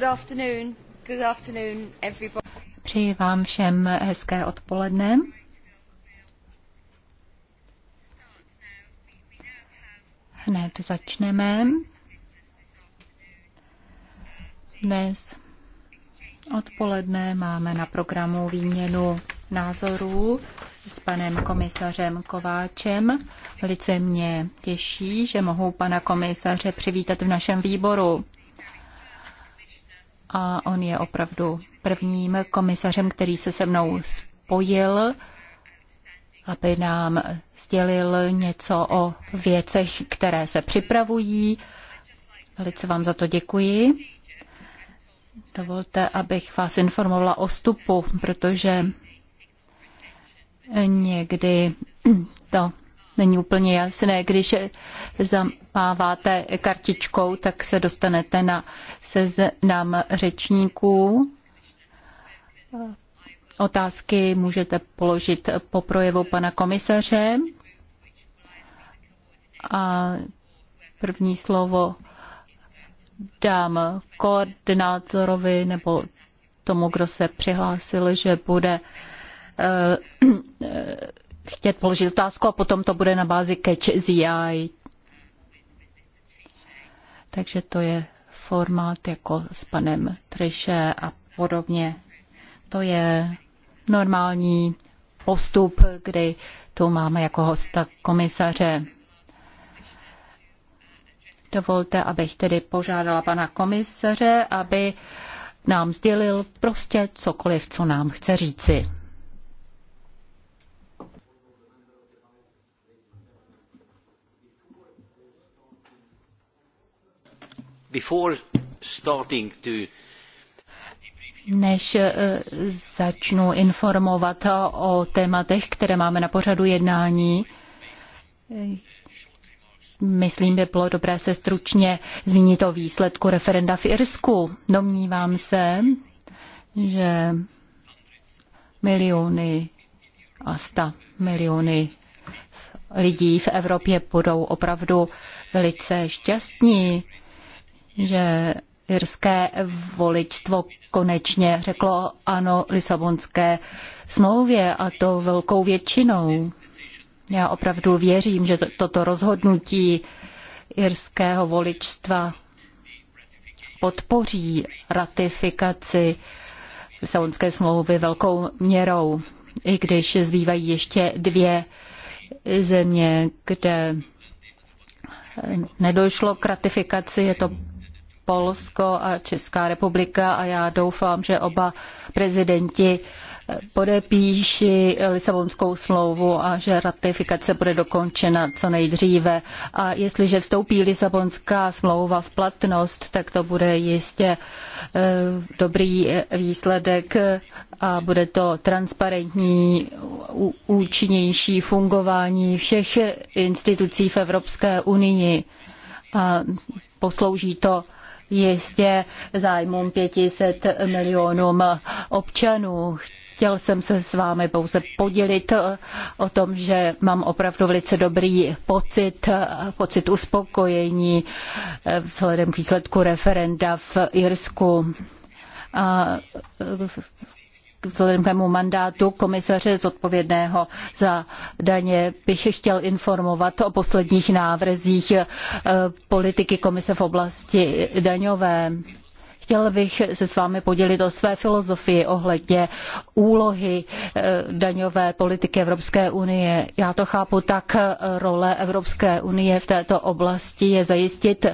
Good afternoon. Good afternoon, everybody. Přeji vám všem hezké odpoledne. Hned začneme. Dnes odpoledne máme na programu výměnu názorů s panem komisařem Kováčem. Velice mě těší, že mohu pana komisaře přivítat v našem výboru a on je opravdu prvním komisařem, který se se mnou spojil, aby nám sdělil něco o věcech, které se připravují. Velice vám za to děkuji. Dovolte, abych vás informovala o stupu, protože někdy to není úplně jasné. Když zamáváte kartičkou, tak se dostanete na seznam řečníků. Otázky můžete položit po projevu pana komisaře. A první slovo dám koordinátorovi nebo tomu, kdo se přihlásil, že bude eh, eh, chtět položit otázku a potom to bude na bázi Catch the Eye. Takže to je formát jako s panem Trishe a podobně. To je normální postup, kdy tu máme jako hosta komisaře. Dovolte, abych tedy požádala pana komisaře, aby nám sdělil prostě cokoliv, co nám chce říci. než eh, začnu informovat o tématech, které máme na pořadu jednání, eh, myslím, by bylo dobré se stručně zmínit o výsledku referenda v Irsku. Domnívám se, že miliony a sta miliony lidí v Evropě budou opravdu velice šťastní, že irské voličstvo konečně řeklo ano Lisabonské smlouvě a to velkou většinou. Já opravdu věřím, že toto rozhodnutí irského voličstva podpoří ratifikaci Lisabonské smlouvy velkou měrou, i když zbývají ještě dvě země, kde nedošlo k ratifikaci, je to Polsko a Česká republika a já doufám, že oba prezidenti podepíší Lisabonskou smlouvu a že ratifikace bude dokončena co nejdříve. A jestliže vstoupí Lisabonská smlouva v platnost, tak to bude jistě eh, dobrý výsledek a bude to transparentní, účinnější fungování všech institucí v Evropské unii. A poslouží to jistě zájmům 500 milionům občanů. Chtěl jsem se s vámi pouze podělit o tom, že mám opravdu velice dobrý pocit, pocit uspokojení vzhledem k výsledku referenda v Irsku. A vzhledem k mému mandátu komisaře zodpovědného za daně bych chtěl informovat o posledních návrzích eh, politiky komise v oblasti daňové chtěl bych se s vámi podělit o své filozofii ohledně úlohy eh, daňové politiky Evropské unie. Já to chápu tak, eh, role Evropské unie v této oblasti je zajistit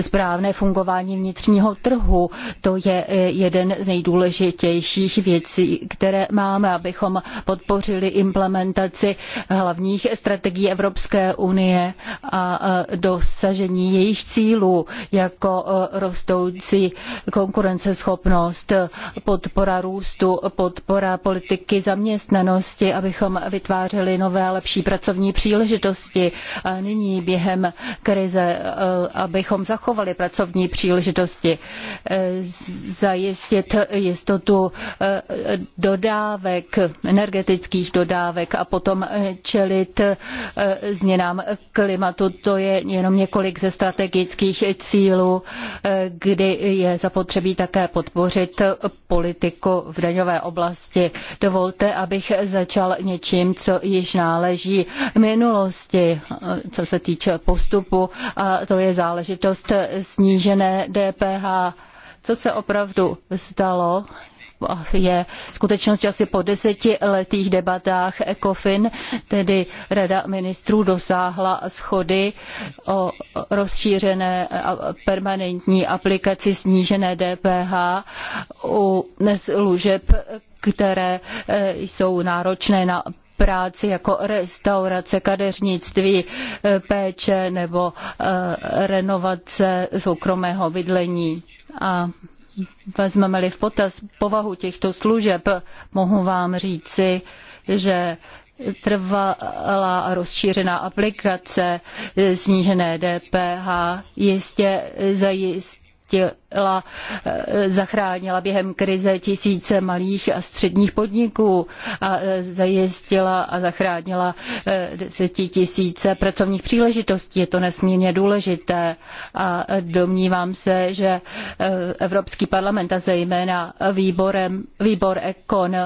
správné fungování vnitřního trhu. To je eh, jeden z nejdůležitějších věcí, které máme, abychom podpořili implementaci hlavních strategií Evropské unie a dosažení jejich cílů, jako rostoucí konkurenceschopnost, podpora růstu, podpora politiky zaměstnanosti, abychom vytvářeli nové lepší pracovní příležitosti. nyní během krize, e, abychom zachovali pracovní příležitosti, e, zajistit jistotu e, dodávek, energetických dodávek a potom čelit změnám klimatu. To je jenom několik ze strategických cílů, kdy je zapotřebí zapotřebí také podpořit politiku v daňové oblasti. Dovolte, abych začal něčím, co již náleží minulosti, co se týče postupu, a to je záležitost snížené DPH. Co se opravdu stalo, je skutečností asi po desetiletých debatách ECOFIN, tedy Rada ministrů dosáhla schody o rozšířené permanentní aplikaci snížené DPH u služeb, které eh, jsou náročné na práci jako restaurace, kadeřnictví, eh, péče nebo eh, renovace soukromého bydlení. A vezmeme-li v potaz povahu těchto služeb, mohu vám říci, že trvalá a rozšířená aplikace snížené DPH jistě zajistí zajistila, eh, zachránila během krize tisíce malých a středních podniků a eh, zajistila a zachránila eh, desetitisíce pracovních příležitostí. Je to nesmírně důležité a domnívám se, že Evropský parlament a zejména výborem, výbor Ekon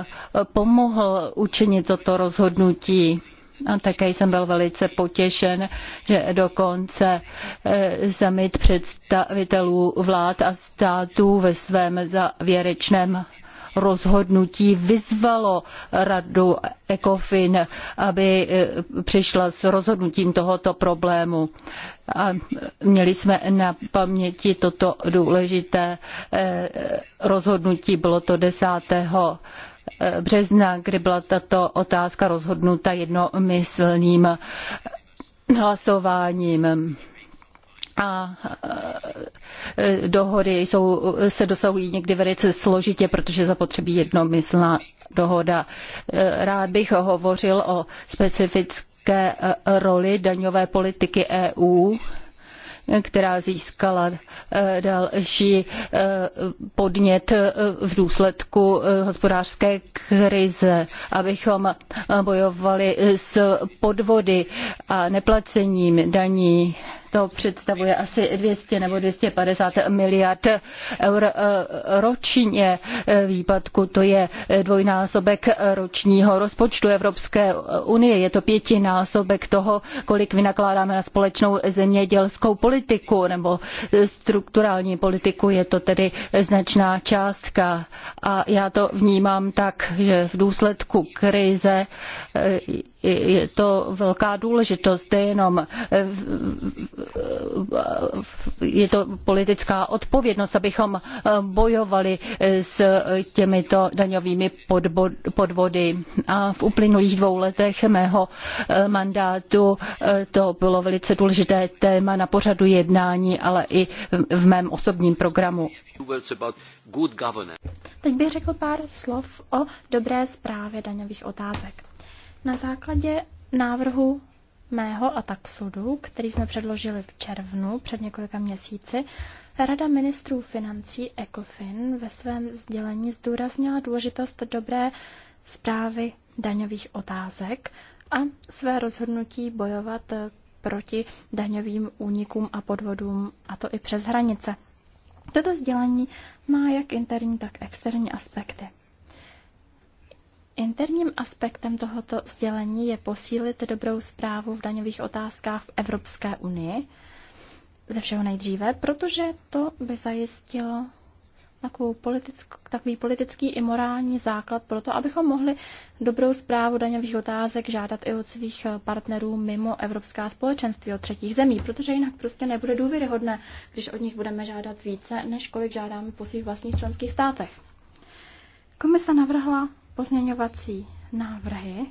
pomohl učinit toto rozhodnutí. A také jsem byl velice potěšen, že dokonce e, summit představitelů vlád a států ve svém závěrečném rozhodnutí vyzvalo radu ECOFIN, aby e, přišla s rozhodnutím tohoto problému. A měli jsme na paměti toto důležité e, rozhodnutí, bylo to 10 března, kdy byla tato otázka rozhodnuta jednomyslným hlasováním a dohody jsou, se dosahují někdy velice složitě, protože zapotřebí jednomyslná dohoda. Rád bych hovořil o specifické e, roli daňové politiky EU která získala eh, další eh, podnět eh, v důsledku hospodářské krize, abychom bojovali s podvody a neplacením daní to představuje asi 200 nebo 250 miliard eur eh, ročně eh, výpadku. To je dvojnásobek ročního rozpočtu Evropské unie. Je to pětinásobek toho, kolik vynakládáme na společnou zemědělskou politiku nebo strukturální politiku. Je to tedy značná částka. A já to vnímám tak, že v důsledku krize eh, je to velká důležitost nejenom je to politická odpovědnost, abychom eh, bojovali s těmito daňovými podvody. A v uplynulých dvou letech mého eh, mandátu eh, to bylo velice důležité téma na pořadu jednání, ale i v mém osobním programu. Teď bych řekl pár slov o dobré zprávě daňových otázek. Na základě návrhu mého a taxudu, který jsme předložili v červnu před několika měsíci, Rada ministrů financí ECOFIN ve svém sdělení zdůraznila důležitost dobré zprávy daňových otázek a své rozhodnutí bojovat eh, proti daňovým únikům a podvodům, a to i přes hranice. Toto sdělení má jak interní, tak externí aspekty. Interním aspektem tohoto sdělení je posílit dobrou zprávu v daňových otázkách v Evropské unii, ze všeho nejdříve, protože to by zajistilo takovou takový politický i morální základ pro to, abychom mohli dobrou zprávu daňových otázek žádat i od svých eh, partnerů mimo Evropská společenství, od třetích zemí, protože jinak prostě nebude důvěryhodné, když od nich budeme žádat více, než kolik žádáme po svých vlastních členských státech. Komise navrhla pozměňovací návrhy.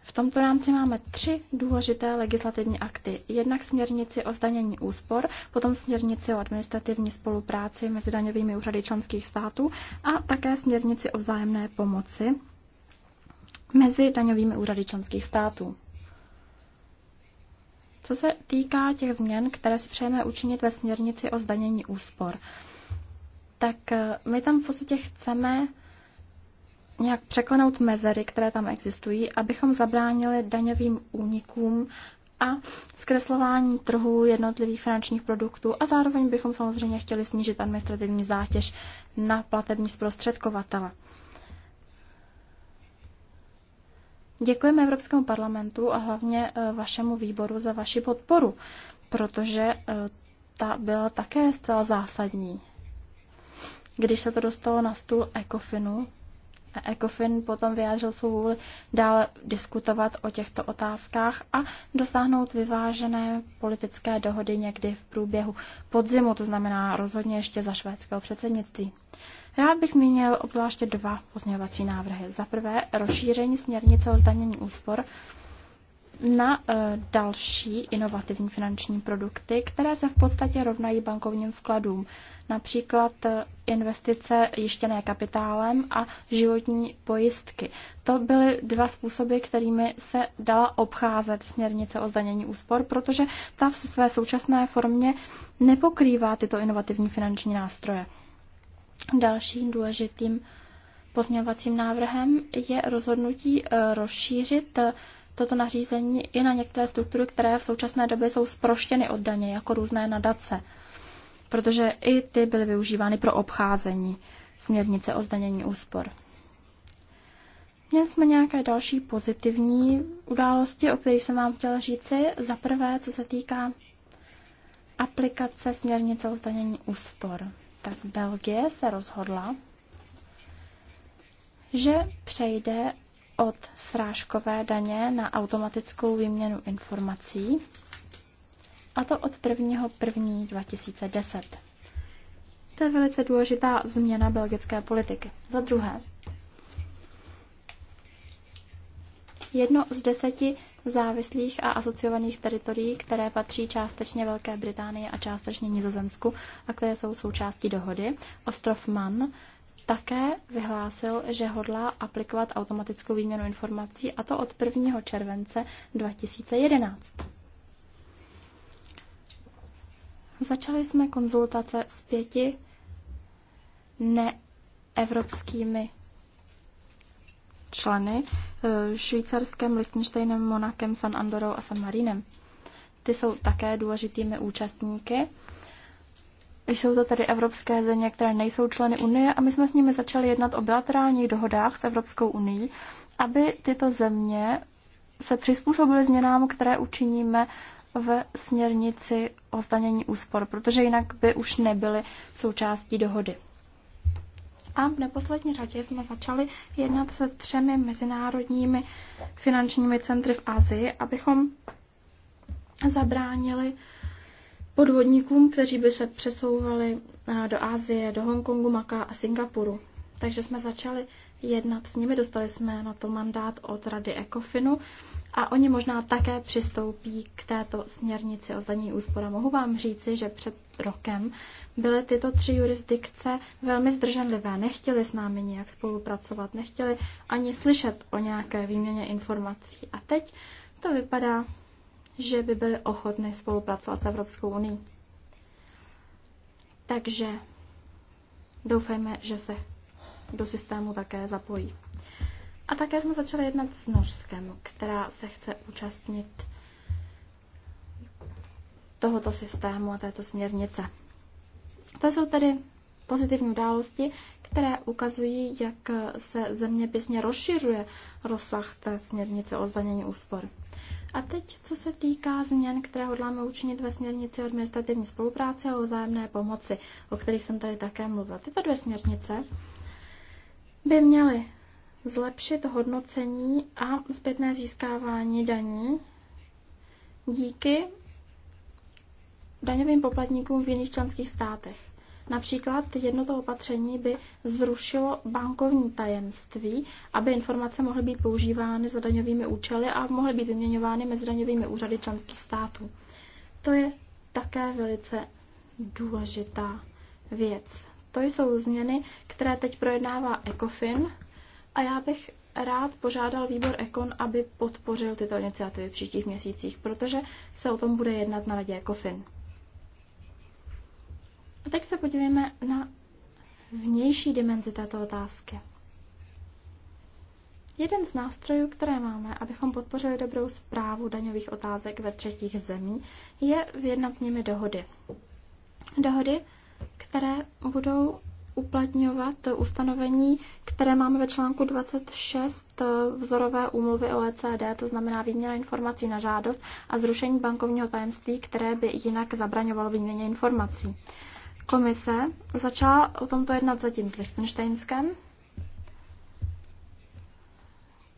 V tomto rámci máme tři důležité legislativní akty. Jednak směrnici o zdanění úspor, potom směrnici o administrativní spolupráci mezi daňovými úřady členských států a také směrnici o vzájemné pomoci mezi daňovými úřady členských států. Co se týká těch změn, které si přejeme učinit ve směrnici o zdanění úspor, tak eh, my tam v podstatě chceme nějak překlenout mezery, které tam existují, abychom zabránili daňovým únikům a zkreslování trhu jednotlivých finančních produktů a zároveň bychom samozřejmě chtěli snížit administrativní zátěž na platební zprostředkovatele. Děkujeme Evropskému parlamentu a hlavně e, vašemu výboru za vaši podporu, protože e, ta byla také zcela zásadní. Když se to dostalo na stůl ECOFINu, ECOFIN potom vyjádřil svou vůli dále diskutovat o těchto otázkách a dosáhnout vyvážené politické dohody někdy v průběhu podzimu, to znamená rozhodně ještě za švédského předsednictví. Rád bych zmínil obzvláště dva pozměňovací návrhy. Za prvé rozšíření směrnice o zdanění úspor na e, další inovativní finanční produkty, které se v podstatě rovnají bankovním vkladům například investice jištěné kapitálem a životní pojistky. To byly dva způsoby, kterými se dala obcházet směrnice o zdanění úspor, protože ta v své současné formě nepokrývá tyto inovativní finanční nástroje. Dalším důležitým pozměňovacím návrhem je rozhodnutí eh, rozšířit eh, toto nařízení i na některé struktury, které v současné době jsou sproštěny od daně, jako různé nadace protože i ty byly využívány pro obcházení směrnice o zdanění úspor. Měli jsme nějaké další pozitivní události, o kterých jsem vám chtěla říci. Za prvé, co se týká aplikace směrnice o zdanění úspor, tak Belgie se rozhodla, že přejde od srážkové daně na automatickou výměnu informací a to od 1.1.2010. To je velice důležitá změna belgické politiky. Za druhé, jedno z deseti závislých a asociovaných teritorií, které patří částečně Velké Británii a částečně Nizozemsku a které jsou součástí dohody, ostrov Mann také vyhlásil, že hodlá aplikovat automatickou výměnu informací a to od 1. července 2011. Začali jsme konzultace s pěti neevropskými členy, eh, Švýcarském, Liechtensteinem, Monakem, San Andorou a San Marinem. Ty jsou také důležitými účastníky. Jsou to tedy evropské země, které nejsou členy Unie a my jsme s nimi začali jednat o bilaterálních dohodách s Evropskou unii, aby tyto země se přizpůsobily změnám, které učiníme ve směrnici o zdanění úspor, protože jinak by už nebyly součástí dohody. A v neposlední řadě jsme začali jednat se třemi mezinárodními finančními centry v Asii, abychom zabránili podvodníkům, kteří by se přesouvali eh, do Asie, do Hongkongu, Maka a Singapuru. Takže jsme začali jednat s nimi. Dostali jsme na to mandát od Rady Ekofinu a oni možná také přistoupí k této směrnici o zdanění úspora. Mohu vám říci, že před rokem byly tyto tři jurisdikce velmi zdrženlivé. Nechtěli s námi nijak spolupracovat, nechtěli ani slyšet o nějaké výměně informací. A teď to vypadá, že by byly ochotny spolupracovat s Evropskou unii. Takže doufejme, že se do systému také zapojí. A také jsme začali jednat s Norskem, která se chce účastnit tohoto systému a této směrnice. To jsou tedy pozitivní události, které ukazují, jak se zeměpisně rozšiřuje rozsah té směrnice o zdanění úspor. A teď, co se týká změn, které hodláme učinit ve směrnici o administrativní spolupráce a o vzájemné pomoci, o kterých jsem tady také mluvila. Tyto dvě směrnice by měly zlepšit hodnocení a zpětné získávání daní díky daňovým poplatníkům v jiných členských státech. Například jedno to opatření by zrušilo bankovní tajemství, aby informace mohly být používány za daňovými účely a mohly být vyměňovány mezi daňovými úřady členských států. To je také velice důležitá věc. To jsou změny, které teď projednává ECOFIN a já bych rád požádal výbor ECON, aby podpořil tyto iniciativy v příštích měsících, protože se o tom bude jednat na radě ECOFIN. A teď se podívejme na vnější dimenzi této otázky. Jeden z nástrojů, které máme, abychom podpořili dobrou zprávu daňových otázek ve třetích zemí, je vyjednat s nimi dohody. Dohody, které budou uplatňovat ustanovení, které máme ve článku 26 eh, vzorové úmluvy OECD, to znamená výměna informací na žádost a zrušení bankovního tajemství, které by jinak zabraňovalo výměně informací. Komise začala o tomto jednat zatím s Lichtensteinskem,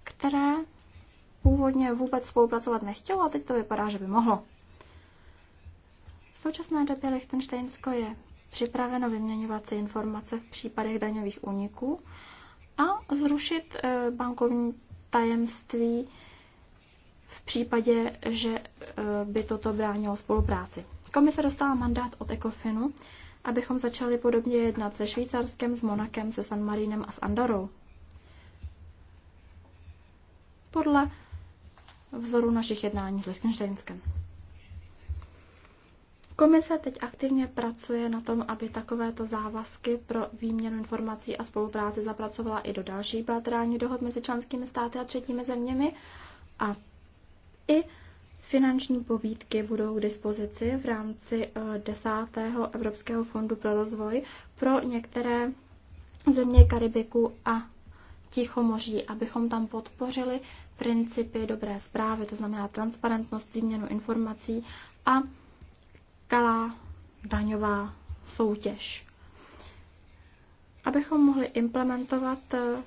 které původně vůbec spolupracovat nechtělo a teď to vypadá, že by mohlo. V současné době Lichtensteinsko je připraveno vyměňovat si informace v případech daňových úniků a zrušit eh, bankovní tajemství v případě, že eh, by toto bránilo spolupráci. Komise dostala mandát od ECOFINu, abychom začali podobně jednat se Švýcarskem, s Monakem, se San Marínem a s Andorou. Podle vzoru našich jednání s Lichtensteinskem. Komise teď aktivně pracuje na tom, aby takovéto závazky pro výměnu informací a spolupráci zapracovala i do dalších bilaterálních dohod mezi členskými státy a třetími zeměmi a i Finanční pobídky budou k dispozici v rámci 10. Eh, Evropského fondu pro rozvoj pro některé země Karibiku a Tichomoří, abychom tam podpořili principy dobré zprávy, to znamená transparentnost, výměnu informací a nekalá daňová soutěž. Abychom mohli implementovat eh,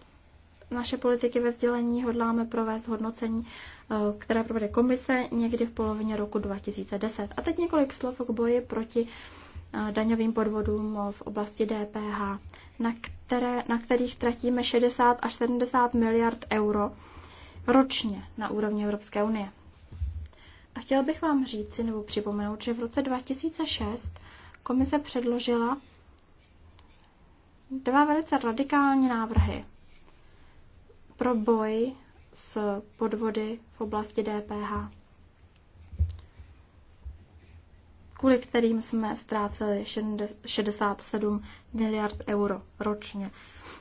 naše politiky ve sdělení, hodláme provést hodnocení, eh, které provede komise někdy v polovině roku 2010. A teď několik slov k boji proti eh, daňovým podvodům v oblasti DPH, na, které, na kterých tratíme 60 až 70 miliard euro ročně na úrovni Evropské unie. A chtěl bych vám říci nebo připomenout, že v roce 2006 komise předložila dva velice radikální návrhy pro boj s podvody v oblasti DPH, kvůli kterým jsme ztráceli 67 miliard euro ročně.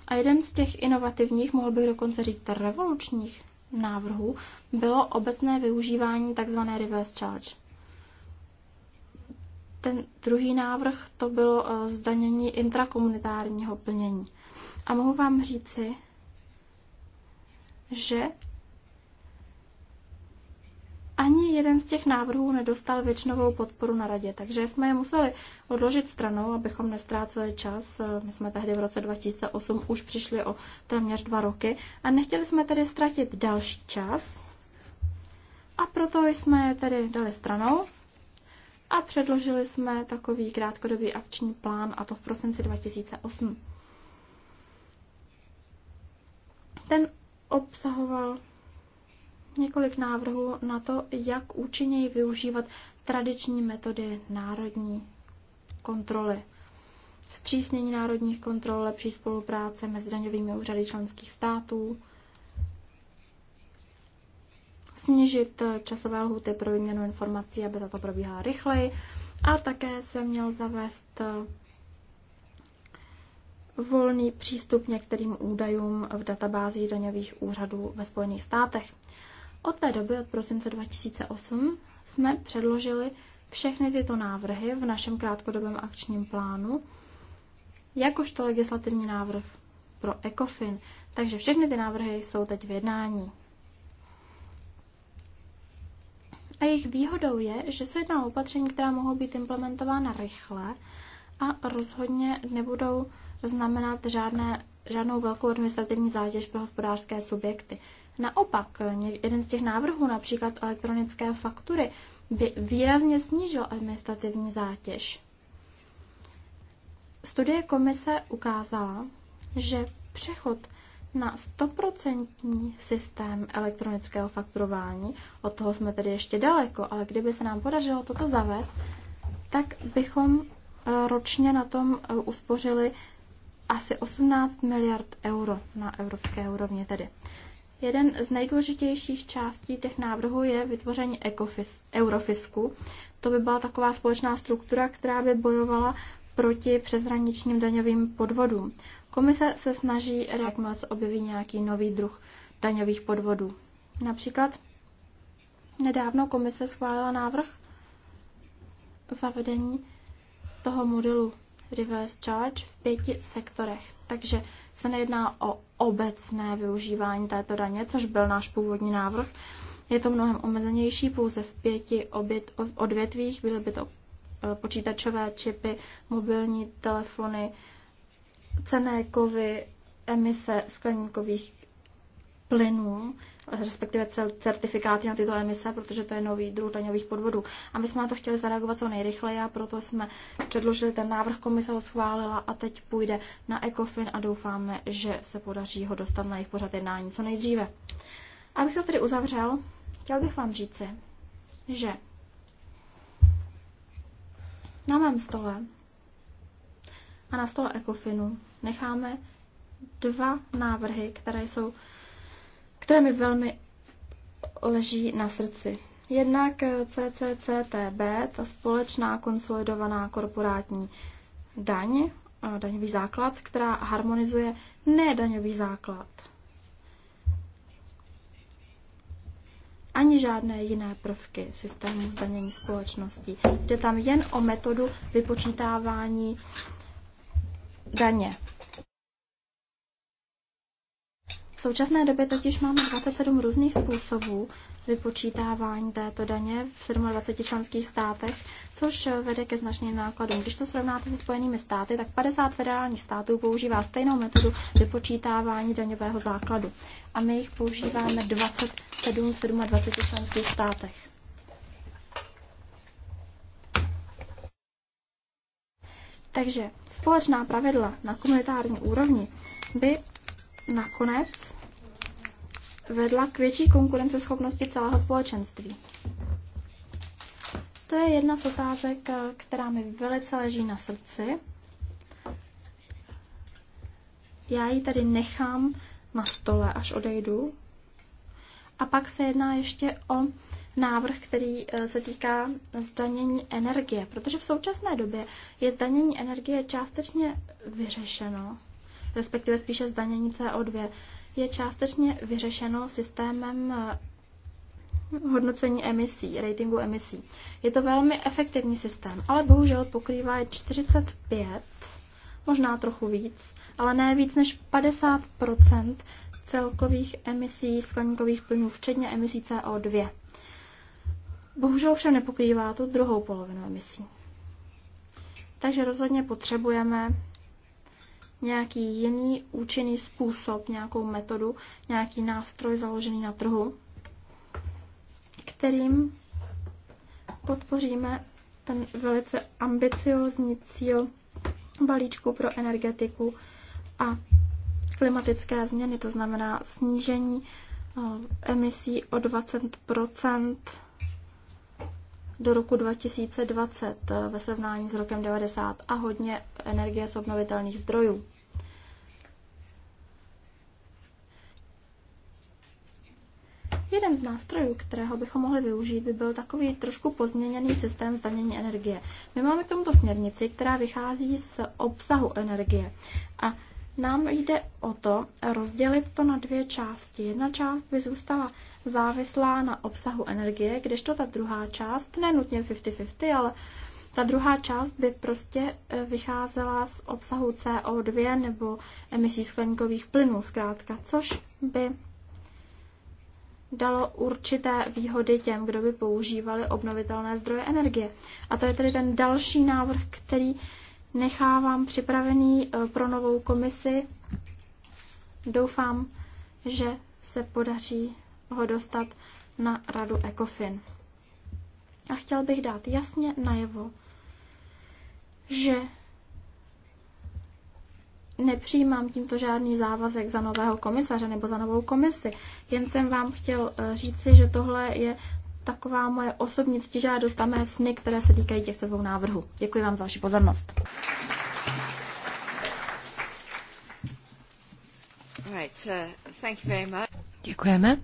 A jeden z těch inovativních, mohl bych dokonce říct revolučních návrhu bylo obecné využívání tzv. reverse charge. Ten druhý návrh to bylo eh, zdanění intrakomunitárního plnění. A mohu vám říci, že ani jeden z těch návrhů nedostal většinovou podporu na radě, takže jsme je museli odložit stranou, abychom nestráceli čas. My jsme tehdy v roce 2008 už přišli o téměř dva roky a nechtěli jsme tedy ztratit další čas. A proto jsme je tedy dali stranou a předložili jsme takový krátkodobý akční plán, a to v prosinci 2008. Ten obsahoval několik návrhů na to, jak účinněji využívat tradiční metody národní kontroly. Zpřísnění národních kontrol, lepší spolupráce mezi daňovými úřady členských států, snížit časové lhuty pro výměnu informací, aby tato probíhala rychleji. A také se měl zavést volný přístup některým údajům v databázích daňových úřadů ve Spojených státech. Od té doby, od prosince 2008, jsme předložili všechny tyto návrhy v našem krátkodobém akčním plánu, jakožto legislativní návrh pro ECOFIN. Takže všechny ty návrhy jsou teď v jednání. A jejich výhodou je, že se jedná o opatření, která mohou být implementována rychle a rozhodně nebudou znamenat žádné, žádnou velkou administrativní zátěž pro hospodářské subjekty. Naopak, jeden z těch návrhů, například elektronické faktury, by výrazně snížil administrativní zátěž. Studie komise ukázala, že přechod na 100% systém elektronického fakturování, od toho jsme tedy ještě daleko, ale kdyby se nám podařilo toto zavést, tak bychom e, ročně na tom e, uspořili asi 18 miliard euro na evropské úrovni tedy. Jeden z nejdůležitějších částí těch návrhů je vytvoření ekofis, eurofisku. To by byla taková společná struktura, která by bojovala proti přeshraničním daňovým podvodům. Komise se snaží, jakmile se objeví nějaký nový druh daňových podvodů. Například nedávno komise schválila návrh zavedení toho modelu reverse charge v pěti sektorech. Takže se nejedná o obecné využívání této daně, což byl náš původní návrh. Je to mnohem omezenější, pouze v pěti obět, odvětvích. Byly by to eh, počítačové čipy, mobilní telefony, cené kovy, emise skleníkových plynů, respektive certifikáty na tyto emise, protože to je nový druh daňových podvodů. A my jsme na to chtěli zareagovat co nejrychleji a proto jsme předložili ten návrh, komise ho schválila a teď půjde na ECOFIN a doufáme, že se podaří ho dostat na jejich pořad jednání co nejdříve. Abych to tedy uzavřel, chtěl bych vám říci, že na mém stole a na stole ECOFINu necháme dva návrhy, které jsou které mi velmi leží na srdci. Jednak eh, CCCTB, ta společná konsolidovaná korporátní daň, eh, daňový základ, která harmonizuje ne daňový základ. Ani žádné jiné prvky systému zdanění společností. Jde tam jen o metodu vypočítávání daně. V současné době totiž máme 27 různých způsobů vypočítávání této daně v 27 členských státech, což vede ke značným nákladům. Když to srovnáte se Spojenými státy, tak 50 federálních států používá stejnou metodu vypočítávání daňového základu. A my jich používáme 27 v 27 členských státech. Takže společná pravidla na komunitární úrovni by nakonec vedla k větší konkurenceschopnosti celého společenství. To je jedna z otázek, která mi velice leží na srdci. Já ji tady nechám na stole, až odejdu. A pak se jedná ještě o návrh, který eh, se týká zdanění energie, protože v současné době je zdanění energie částečně vyřešeno respektive spíše zdanění CO2, je částečně vyřešeno systémem eh, hodnocení emisí, ratingu emisí. Je to velmi efektivní systém, ale bohužel pokrývá 45, možná trochu víc, ale ne víc než 50 celkových emisí skleníkových plynů, včetně emisí CO2. Bohužel však nepokrývá tu druhou polovinu emisí. Takže rozhodně potřebujeme nějaký jiný účinný způsob, nějakou metodu, nějaký nástroj založený na trhu, kterým podpoříme ten velice ambiciozní cíl balíčku pro energetiku a klimatické změny, to znamená snížení eh, emisí o 20 do roku 2020 eh, ve srovnání s rokem 90 a hodně energie z obnovitelných zdrojů. Jeden z nástrojů, kterého bychom mohli využít, by byl takový trošku pozměněný systém zdanění energie. My máme k tomuto směrnici, která vychází z obsahu energie. A nám jde o to rozdělit to na dvě části. Jedna část by zůstala závislá na obsahu energie, kdežto ta druhá část, ne nutně 50-50, ale ta druhá část by prostě e, vycházela z obsahu CO2 nebo emisí skleníkových plynů, zkrátka, což by dalo určité výhody těm, kdo by používali obnovitelné zdroje energie. A to je tedy ten další návrh, který nechávám připravený eh, pro novou komisi. Doufám, že se podaří ho dostat na radu ECOFIN. A chtěl bych dát jasně najevo, že nepřijímám tímto žádný závazek za nového komisaře nebo za novou komisi. Jen jsem vám chtěl eh, říci, že tohle je taková moje osobní ctižádost a mé sny, které se týkají těchto dvou návrhů. Děkuji vám za vaši pozornost. Uh, Děkujeme.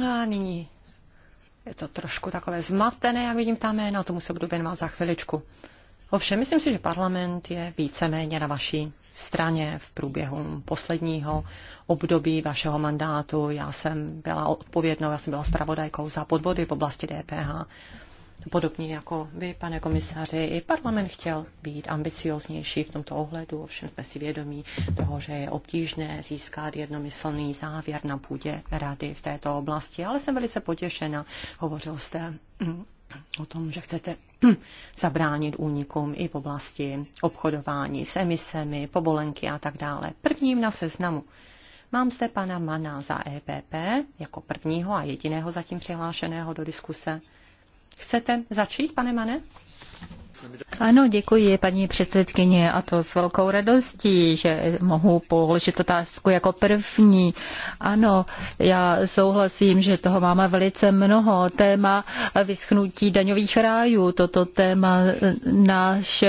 No a nyní je to trošku takové zmatené, jak vidím tam jména, tomu se budu věnovat za chviličku. Ovšem, myslím si, že parlament je víceméně na vaší straně v průběhu posledního období vašeho mandátu. Já jsem byla odpovědnou, já jsem byla zpravodajkou za podvody v oblasti DPH. Podobně jako vy, pane komisaři, i parlament chtěl být ambicioznější v tomto ohledu, ovšem jsme si vědomí toho, že je obtížné získat jednomyslný závěr na půdě rady v této oblasti, ale jsem velice potěšena. Hovořil jste o tom, že chcete zabránit únikům i v oblasti obchodování s emisemi, povolenky a tak dále. Prvním na seznamu mám zde pana Mana za EPP jako prvního a jediného zatím přihlášeného do diskuse. Chcete začít, pane Mane? Ano, děkuji paní předsedkyně a to s velkou radostí, že mohu položit otázku jako první. Ano, já souhlasím, že toho máme velice mnoho. Téma vyschnutí daňových rájů, toto téma náš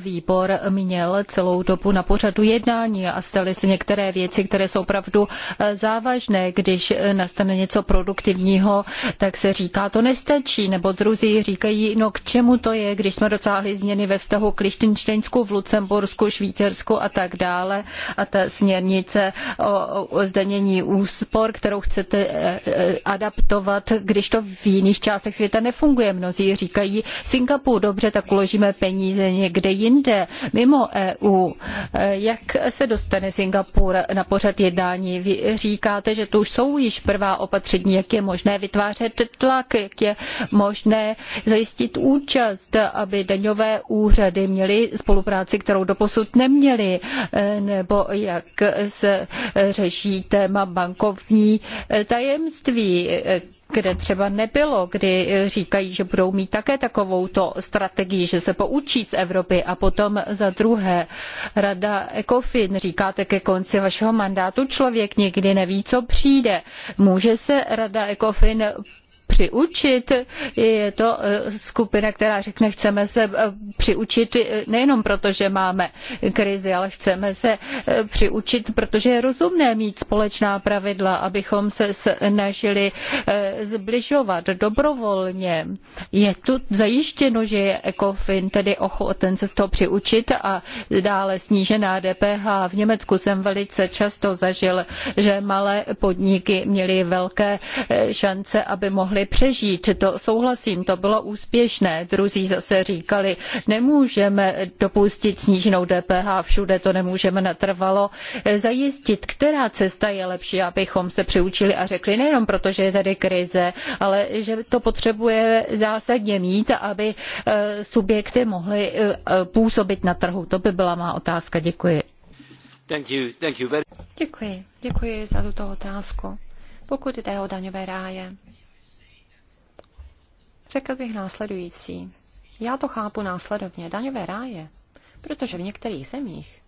výbor měl celou dobu na pořadu jednání a staly se některé věci, které jsou opravdu závažné. Když nastane něco produktivního, tak se říká, to nestačí, nebo druzí říkají, no k čemu to je, když jsme do dosáhli změny ve vztahu k Lichtensteinsku, v Lucembursku, Švýcarsku a tak dále. A ta směrnice o, o zdanění úspor, kterou chcete eh, eh, adaptovat, když to v jiných částech světa nefunguje. Mnozí říkají, Singapur, dobře, tak uložíme peníze někde jinde, mimo EU. Eh, jak se dostane Singapur na pořad jednání? Vy říkáte, že tu už jsou již prvá opatření, jak je možné vytvářet tlak, jak je možné zajistit účast, aby aby daňové úřady měly spolupráci, kterou doposud neměly, eh, nebo jak se řeší téma bankovní eh, tajemství, eh, kde třeba nebylo, kdy říkají, že budou mít také takovouto strategii, že se poučí z Evropy a potom za druhé rada ECOFIN, říkáte ke konci vašeho mandátu, člověk nikdy neví, co přijde. Může se rada ECOFIN přiučit. Je to eh, skupina, která řekne, chceme se eh, přiučit eh, nejenom proto, že máme krizi, ale chceme se přiučit, protože je rozumné mít společná pravidla, abychom se snažili zbližovat dobrovolně. Je tu zajištěno, že je ECOFIN tedy ochoten se z toho přiučit a dále snížená DPH. V Německu jsem velice často zažil, že malé podniky měly velké šance, aby mohly přežít. To souhlasím, to bylo úspěšné. Druzí zase říkali, nemůžeme dopustit sníženou DPH všude, to nemůžeme natrvalo zajistit, která cesta je lepší, abychom se přiučili a řekli nejenom proto, že je tady krize, ale že to potřebuje zásadně mít, aby e, subjekty mohly e, působit na trhu. To by byla má otázka. Děkuji. Thank you. Thank you very... Děkuji. Děkuji za tuto otázku. Pokud jde o daňové ráje, Řekl bych následující. Já to chápu následovně. Daňové ráje, protože v některých zemích,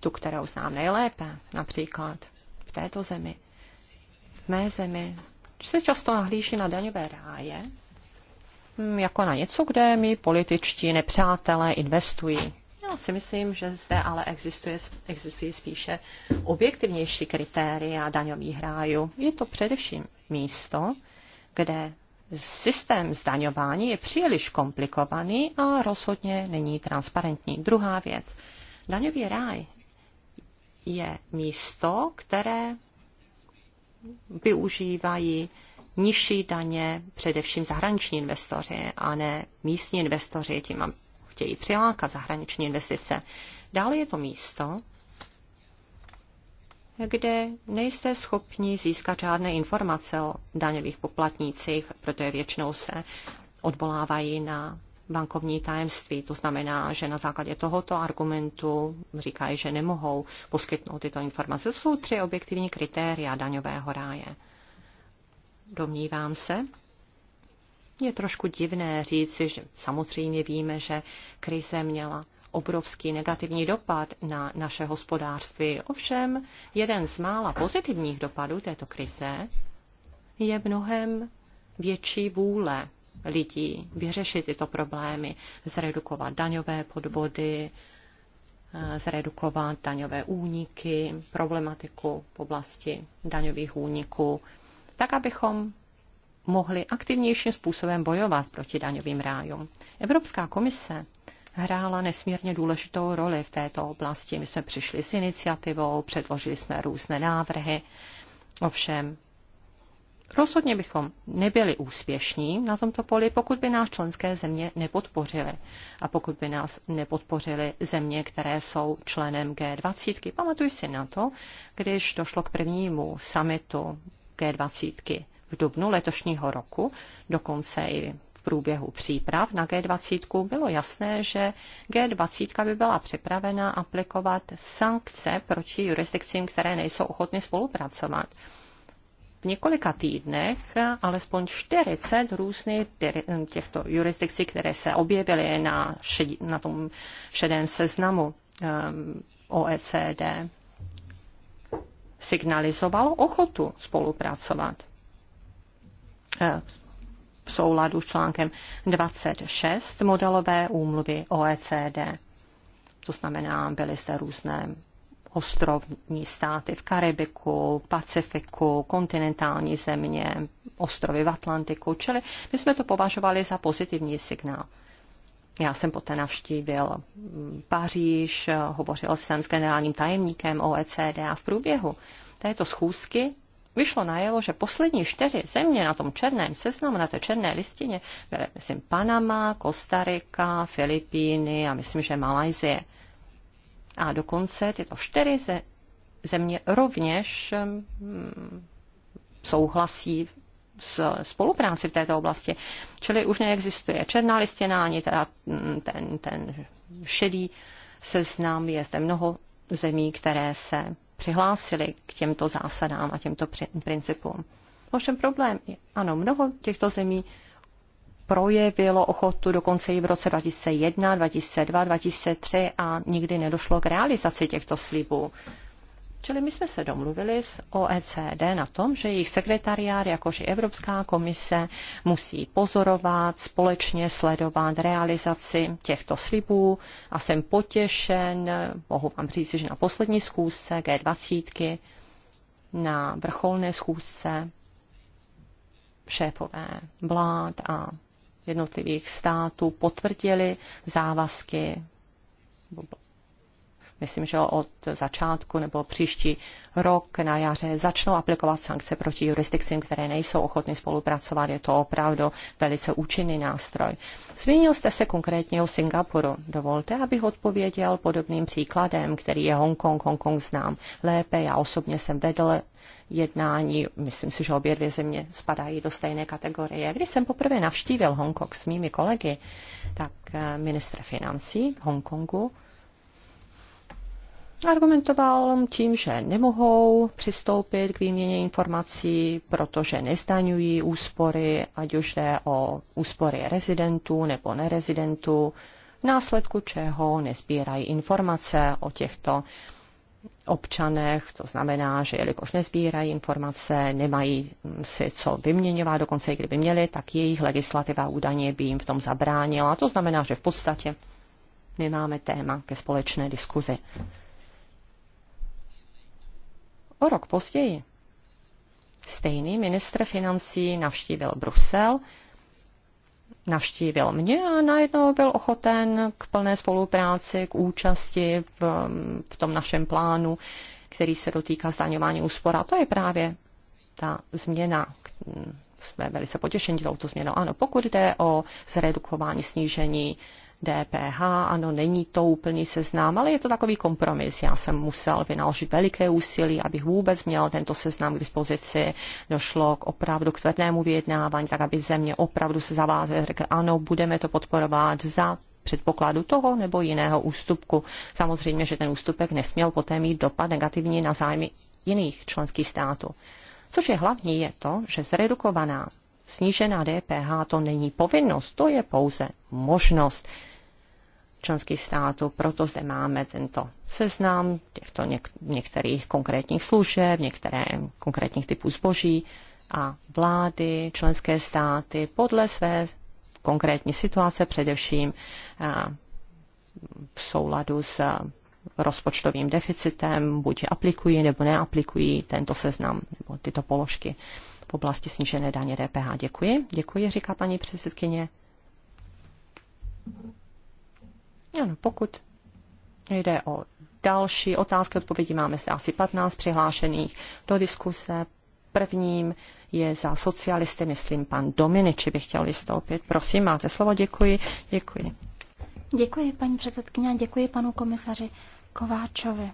tu, kterou znám nejlépe, například v této zemi, v mé zemi, se často nahlíží na daňové ráje hm, jako na něco, kde mi političtí nepřátelé investují. Já si myslím, že zde ale existuje, existují spíše objektivnější kritéria daňových rájů. Je to především místo, kde systém zdaňování je příliš komplikovaný a rozhodně není transparentní. Druhá věc. Daňový ráj je místo, které využívají nižší daně, především zahraniční investoři, a ne místní investoři, tím chtějí přilákat zahraniční investice. Dále je to místo, kde nejste schopni získat žádné informace o daňových poplatnících, protože většinou se odvolávají na bankovní tajemství. To znamená, že na základě tohoto argumentu říkají, že nemohou poskytnout tyto informace. To jsou tři objektivní kritéria daňového ráje. Domnívám se, je trošku divné říci, že samozřejmě víme, že krize měla obrovský negativní dopad na naše hospodářství. Ovšem, jeden z mála pozitivních dopadů této krize je mnohem větší vůle lidí vyřešit tyto problémy, zredukovat daňové podvody, eh, zredukovat daňové úniky, problematiku v oblasti daňových úniků, tak abychom mohli aktivnějším způsobem bojovat proti daňovým rájům. Evropská komise hrála nesmírně důležitou roli v této oblasti. My jsme přišli s iniciativou, předložili jsme různé návrhy. Ovšem, rozhodně bychom nebyli úspěšní na tomto poli, pokud by nás členské země nepodpořily. A pokud by nás nepodpořily země, které jsou členem G20. Pamatuj si na to, když došlo k prvnímu summitu G20 v dubnu letošního roku, dokonce i průběhu příprav na G20 bylo jasné, že G20 by byla připravena aplikovat sankce proti jurisdikcím, které nejsou ochotny spolupracovat. V několika týdnech alespoň 40 různých těchto jurisdikcí, které se objevily na, šed, na tom šedém seznamu um, OECD, signalizovalo ochotu spolupracovat v souladu s článkem 26 modelové úmluvy OECD. To znamená, byly zde různé ostrovní státy v Karibiku, Pacifiku, kontinentální země, ostrovy v Atlantiku, čili my jsme to považovali za pozitivní signál. Já jsem poté navštívil Paříž, hovořil jsem s generálním tajemníkem OECD a v průběhu této schůzky vyšlo najevo, že poslední čtyři země na tom černém seznamu, na té černé listině, byly, myslím, Panama, Kostarika, Filipíny a myslím, že Malajzie. A dokonce tyto čtyři země rovněž souhlasí s spolupráci v této oblasti. Čili už neexistuje černá listina, ani teda mm, ten, ten šedý seznam. Je zde mnoho zemí, které se přihlásili k těmto zásadám a těmto principům. Ovšem problém je, ano, mnoho těchto zemí projevilo ochotu dokonce i v roce 2001, 2002, 2003 a nikdy nedošlo k realizaci těchto slibů. Čili my jsme se domluvili s OECD na tom, že jejich sekretariát, jakož i Evropská komise, musí pozorovat, společně sledovat realizaci těchto slibů a jsem potěšen, mohu vám říct, že na poslední schůzce G20, na vrcholné schůzce šéfové vlád a jednotlivých států potvrdili závazky myslím, že od začátku nebo příští rok na jaře začnou aplikovat sankce proti jurisdikcím, které nejsou ochotny spolupracovat. Je to opravdu velice účinný nástroj. Zmínil jste se konkrétně o Singapuru. Dovolte, abych odpověděl podobným příkladem, který je Hongkong. Hongkong znám lépe. Já osobně jsem vedl jednání. Myslím si, že obě dvě země spadají do stejné kategorie. Když jsem poprvé navštívil Hongkong s mými kolegy, tak eh, ministra financí Hongkongu argumentoval tím, že nemohou přistoupit k výměně informací, protože nezdaňují úspory, ať už jde o úspory rezidentů nebo nerezidentů, v následku čeho nezbírají informace o těchto občanech, to znamená, že jelikož nezbírají informace, nemají si co vyměňovat, dokonce i kdyby měli, tak jejich legislativa údajně by jim v tom zabránila. To znamená, že v podstatě nemáme téma ke společné diskuzi. O rok později stejný ministr financí navštívil Brusel, navštívil mě a najednou byl ochoten k plné spolupráci, k účasti v, v tom našem plánu, který se dotýká zdaňování úspora. To je právě ta změna. Jsme velice potěšeni touto změnou. Ano, pokud jde o zredukování snížení DPH, ano, není to úplný seznam, ale je to takový kompromis. Já jsem musel vynaložit veliké úsilí, abych vůbec měl tento seznam k dispozici. Došlo k opravdu k tvrdému vyjednávání, tak aby země opravdu se zavázala, řekla, ano, budeme to podporovat za předpokladu toho nebo jiného ústupku. Samozřejmě, že ten ústupek nesměl poté mít dopad negativní na zájmy jiných členských států. Což je hlavní je to, že zredukovaná snížená DPH to není povinnost, to je pouze možnost členských států, proto zde máme tento seznam těchto něk- některých konkrétních služeb, některé konkrétních typů zboží a vlády, členské státy podle své konkrétní situace, především eh, v souladu s eh, rozpočtovým deficitem, buď aplikují nebo neaplikují tento seznam nebo tyto položky v oblasti snížené daně DPH. Děkuji. Děkuji, říká paní předsedkyně. Ano, pokud jde o další otázky, odpovědi máme zde asi 15 přihlášených do diskuse. Prvním je za socialisty, myslím, pan Dominič, by chtěl vystoupit. Prosím, máte slovo, děkuji. Děkuji. Děkuji, paní předsedkyně, děkuji panu komisaři Kováčovi.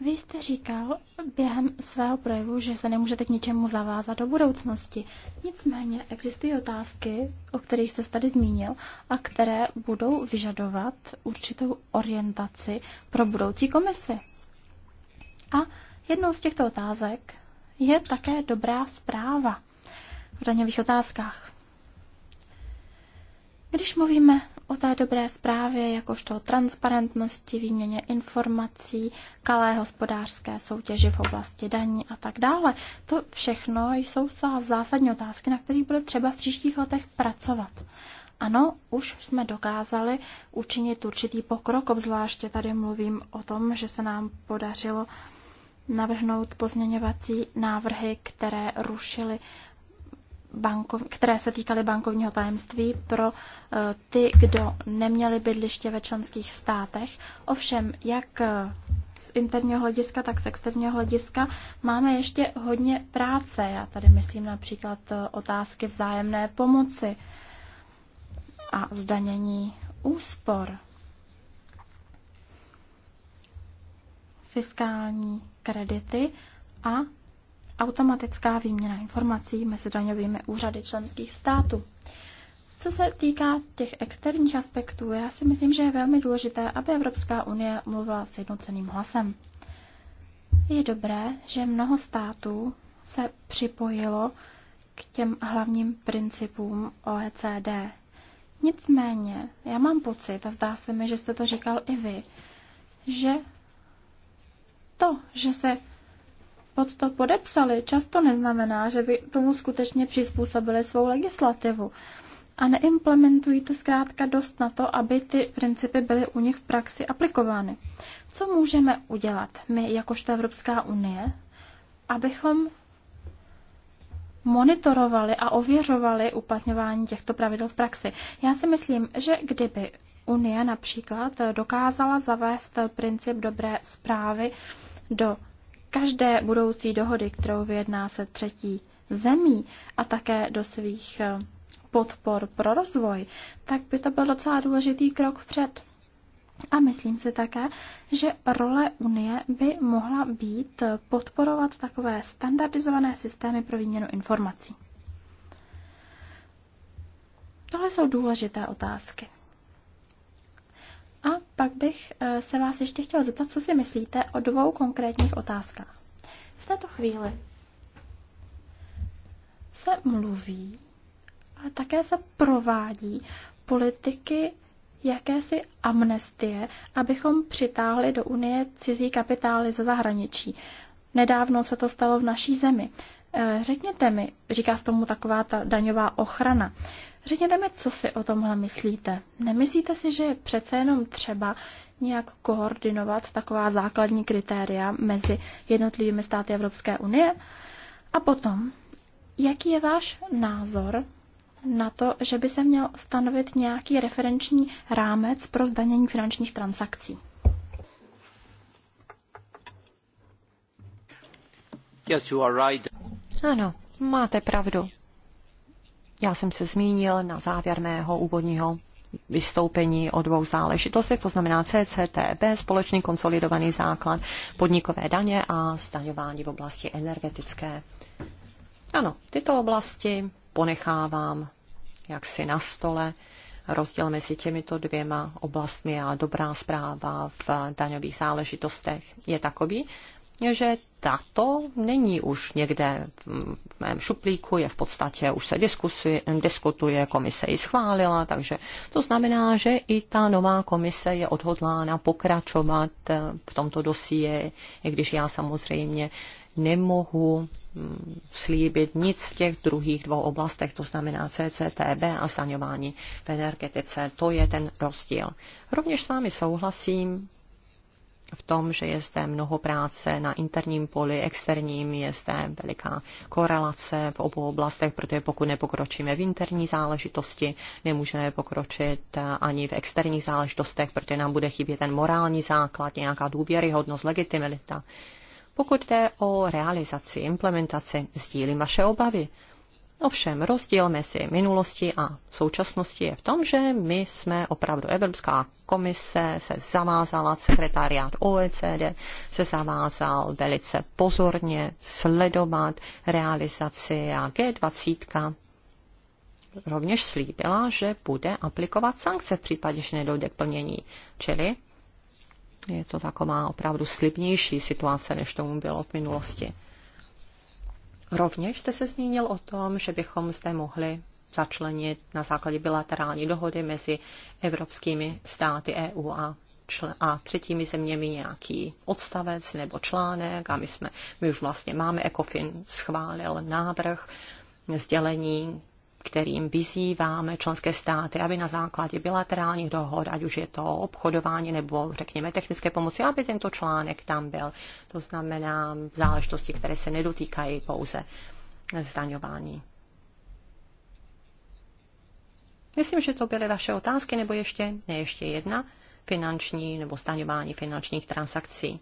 Vy jste říkal během svého projevu, že se nemůžete k ničemu zavázat do budoucnosti. Nicméně existují otázky, o kterých jste tady zmínil, a které budou vyžadovat určitou orientaci pro budoucí komisi. A jednou z těchto otázek je také dobrá zpráva v daňových otázkách. Když mluvíme o té dobré zprávě, jakožto o transparentnosti, výměně informací, kalé hospodářské soutěži v oblasti daní a tak dále. To všechno jsou zásadní otázky, na kterých bude třeba v příštích letech pracovat. Ano, už jsme dokázali učinit určitý pokrok, obzvláště tady mluvím o tom, že se nám podařilo navrhnout pozměňovací návrhy, které rušily bankov, které se týkaly bankovního tajemství pro eh, ty, kdo neměli bydliště ve členských státech. Ovšem, jak eh, z interního hlediska, tak z externího hlediska máme ještě hodně práce. Já tady myslím například eh, otázky vzájemné pomoci a zdanění úspor. Fiskální kredity a automatická výměna informací mezi daňovými úřady členských států. Co se týká těch externích aspektů, já si myslím, že je velmi důležité, aby Evropská unie mluvila s jednoceným hlasem. Je dobré, že mnoho států se připojilo k těm hlavním principům OECD. Nicméně, já mám pocit, a zdá se mi, že jste to říkal i vy, že to, že se pod to podepsali, často neznamená, že by tomu skutečně přizpůsobili svou legislativu. A neimplementují to zkrátka dost na to, aby ty principy byly u nich v praxi aplikovány. Co můžeme udělat my, jakožto Evropská unie, abychom monitorovali a ověřovali uplatňování těchto pravidel v praxi. Já si myslím, že kdyby Unie například dokázala zavést princip dobré zprávy do každé budoucí dohody, kterou vyjedná se třetí zemí a také do svých eh, podpor pro rozvoj, tak by to byl docela důležitý krok vpřed. A myslím si také, že role Unie by mohla být eh, podporovat takové standardizované systémy pro výměnu informací. Tohle jsou důležité otázky. A pak bych eh, se vás ještě chtěla zeptat, co si myslíte o dvou konkrétních otázkách. V této chvíli se mluví a také se provádí politiky jakési amnestie, abychom přitáhli do Unie cizí kapitály ze zahraničí. Nedávno se to stalo v naší zemi. Eh, řekněte mi, říká se tomu taková ta daňová ochrana. Řekněte mi, co si o tomhle myslíte. Nemyslíte si, že je přece jenom třeba nějak koordinovat taková základní kritéria mezi jednotlivými státy Evropské unie? A potom, jaký je váš názor na to, že by se měl stanovit nějaký referenční rámec pro zdanění finančních transakcí? Yes, you are right. Ano, máte pravdu. Já jsem se zmínil na závěr mého úvodního vystoupení o dvou záležitostech, to znamená CCTB, společný konsolidovaný základ podnikové daně a zdaňování v oblasti energetické. Ano, tyto oblasti ponechávám jaksi na stole. Rozdíl mezi těmito dvěma oblastmi a dobrá zpráva v daňových záležitostech je takový, že tato není už někde v mém šuplíku, je v podstatě, už se diskusuje, diskutuje, komise ji schválila, takže to znamená, že i ta nová komise je odhodlána pokračovat eh, v tomto dosie, i když já samozřejmě nemohu mm, slíbit nic v těch druhých dvou oblastech, to znamená CCTB a zdaňování v energetice. To je ten rozdíl. Rovněž s vámi souhlasím v tom, že je zde mnoho práce na interním poli, externím, je zde veliká korelace v obou oblastech, protože pokud nepokročíme v interní záležitosti, nemůžeme pokročit eh, ani v externích záležitostech, protože nám bude chybět ten morální základ, nějaká důvěryhodnost, legitimita. Pokud jde o realizaci, implementaci, sdílím vaše obavy. Ovšem rozdíl mezi minulosti a současnosti je v tom, že my jsme opravdu Evropská komise se zavázala, sekretariát OECD se zavázal velice pozorně sledovat realizaci a G20 rovněž slíbila, že bude aplikovat sankce v případě, že nedojde k plnění. Čili je to taková opravdu slibnější situace, než tomu bylo v minulosti. Rovněž jste se zmínil o tom, že bychom zde mohli začlenit na základě bilaterální dohody mezi evropskými státy EU a a třetími zeměmi nějaký odstavec nebo článek a my jsme, my už vlastně máme, ECOFIN schválil návrh sdělení kterým vyzýváme členské státy, aby na základě bilaterálních dohod, ať už je to obchodování nebo řekněme technické pomoci, aby tento článek tam byl. To znamená záležitosti, které se nedotýkají pouze zdaňování. Myslím, že to byly vaše otázky, nebo ještě, ne ještě jedna, finanční nebo zdaňování finančních transakcí.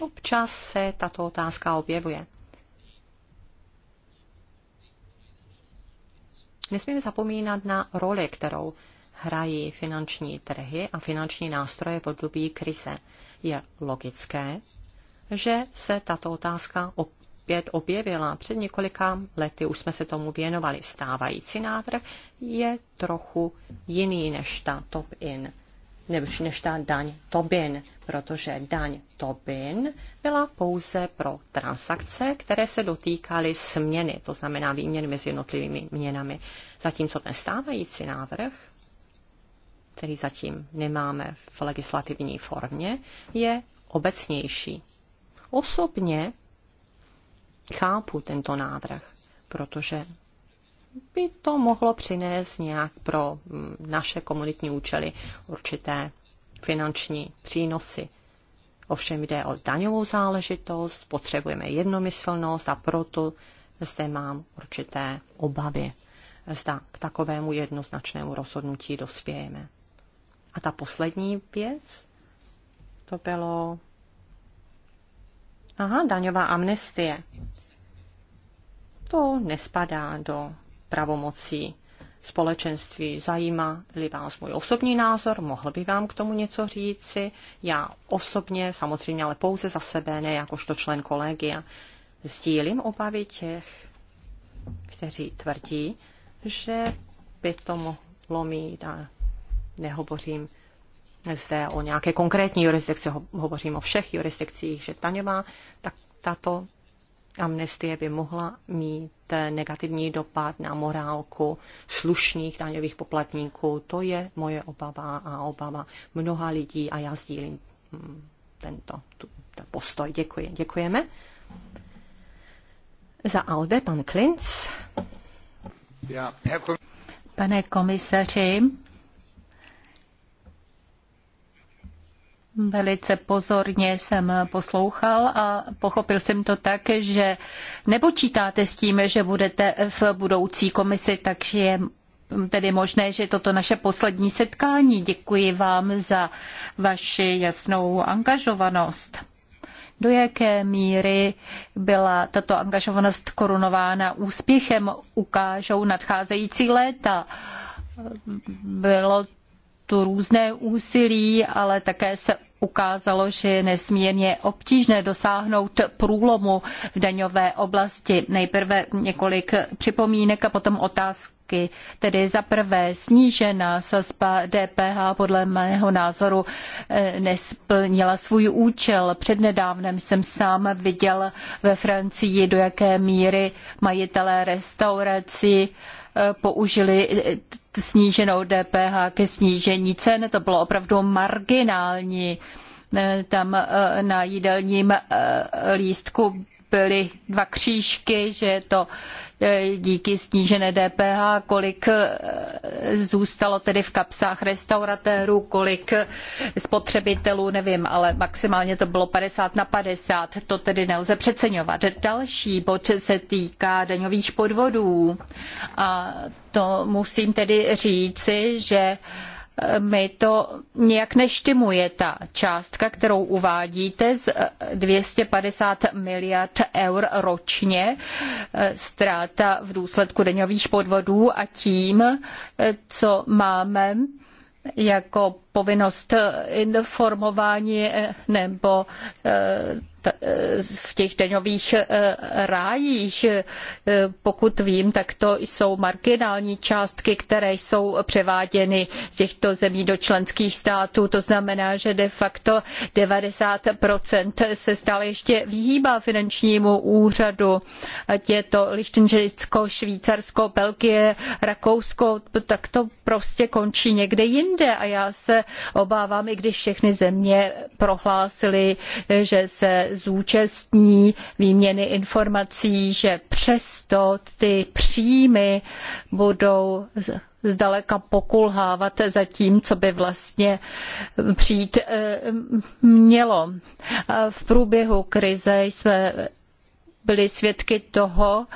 Občas se tato otázka objevuje. Nesmíme zapomínat na roli, kterou hrají finanční trhy a finanční nástroje v období krize. Je logické, že se tato otázka opět objevila. Před několika lety už jsme se tomu věnovali. Stávající návrh je trochu jiný než ta top-in než, než ta daň Tobin, protože daň Tobin byla pouze pro transakce, které se dotýkaly směny, to znamená výměny mezi jednotlivými měnami. Zatímco ten stávající návrh, který zatím nemáme v legislativní formě, je obecnější. Osobně chápu tento návrh, protože by to mohlo přinést nějak pro mm, naše komunitní účely určité finanční přínosy. Ovšem jde o daňovou záležitost, potřebujeme jednomyslnost a proto zde mám určité obavy, zda k takovému jednoznačnému rozhodnutí dospějeme. A ta poslední věc, to bylo... Aha, daňová amnestie. To nespadá do pravomocí společenství. Zajímá-li vás můj osobní názor, mohl by vám k tomu něco říci. Já osobně, samozřejmě ale pouze za sebe, ne jakožto člen kolegia, sdílím obavy těch, kteří tvrdí, že by to mohlo mít a nehovořím zde o nějaké konkrétní jurisdikci, hovořím o všech jurisdikcích, že daňová, tak tato amnestie by mohla mít eh, negativní dopad na morálku slušných daňových poplatníků. To je moje obava a obava mnoha lidí a já sdílím hm, tento tu, ten postoj. Děkuji. Děkujeme. Za Alde pan Klinc. Jako- Pane komisaři, Velice pozorně jsem poslouchal a pochopil jsem to tak, že nepočítáte s tím, že budete v budoucí komisi, takže je tedy možné, že toto naše poslední setkání. Děkuji vám za vaši jasnou angažovanost. Do jaké míry byla tato angažovanost korunována úspěchem, ukážou nadcházející léta. Bylo tu různé úsilí, ale také se ukázalo, že je nesmírně obtížné dosáhnout průlomu v daňové oblasti. Nejprve několik připomínek a potom otázky tedy za prvé snížená sazba DPH podle mého názoru eh, nesplnila svůj účel. Přednedávnem jsem sám viděl ve Francii, do jaké míry majitelé restaurací použili sníženou DPH ke snížení cen. To bylo opravdu marginální. Tam eh, na jídelním eh, lístku byly dva křížky, že je to E, díky snížené DPH, kolik e, zůstalo tedy v kapsách restauratérů, kolik e, spotřebitelů, nevím, ale maximálně to bylo 50 na 50, to tedy nelze přeceňovat. Další bod se týká daňových podvodů a to musím tedy říci, že mi to nějak neštimuje ta částka, kterou uvádíte z 250 eh, miliard eur ročně eh, ztráta v důsledku daňových podvodů a tím, eh, co máme jako povinnost eh, informování eh, nebo eh, v těch daňových rájích. Pokud vím, tak to jsou marginální částky, které jsou převáděny z těchto zemí do členských států. To znamená, že de facto 90% se stále ještě vyhýbá finančnímu úřadu. Ať je to Lichtenželicko, Švýcarsko, Belgie, Rakousko, tak to prostě končí někde jinde. A já se obávám, i když všechny země prohlásily, že se zúčastní výměny informací, že přesto ty příjmy budou zdaleka pokulhávat za tím, co by vlastně přijít eh, mělo. V průběhu krize jsme byli svědky toho,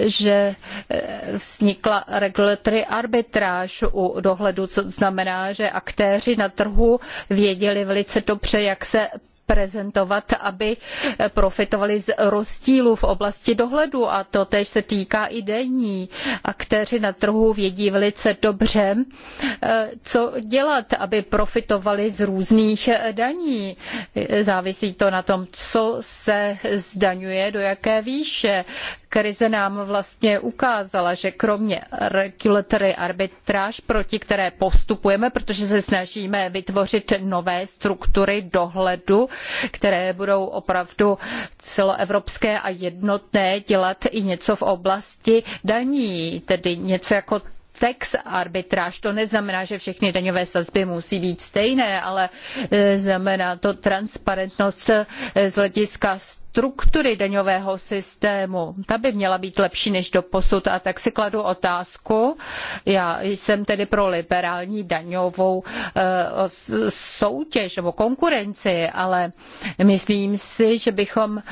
že eh, vznikla regulatory arbitráž u dohledu, co znamená, že aktéři na trhu věděli velice dobře, jak se prezentovat, aby profitovali z rozdílů v oblasti dohledu a to tež se týká i denní. Aktéři na trhu vědí velice dobře, eh, co dělat, aby profitovali z různých eh, daní. Závisí to na tom, co se zdaňuje, do jaké výše, krize nám vlastně ukázala, že kromě regulatory arbitráž, proti které postupujeme, protože se snažíme vytvořit nové struktury dohledu, které budou opravdu celoevropské a jednotné, dělat i něco v oblasti daní, tedy něco jako tax arbitráž. To neznamená, že všechny daňové sazby musí být stejné, ale e, znamená to transparentnost e, z hlediska struktury daňového systému. Ta by měla být lepší než doposud a tak si kladu otázku. Já jsem tedy pro liberální daňovou eh, soutěž nebo konkurenci, ale myslím si, že bychom,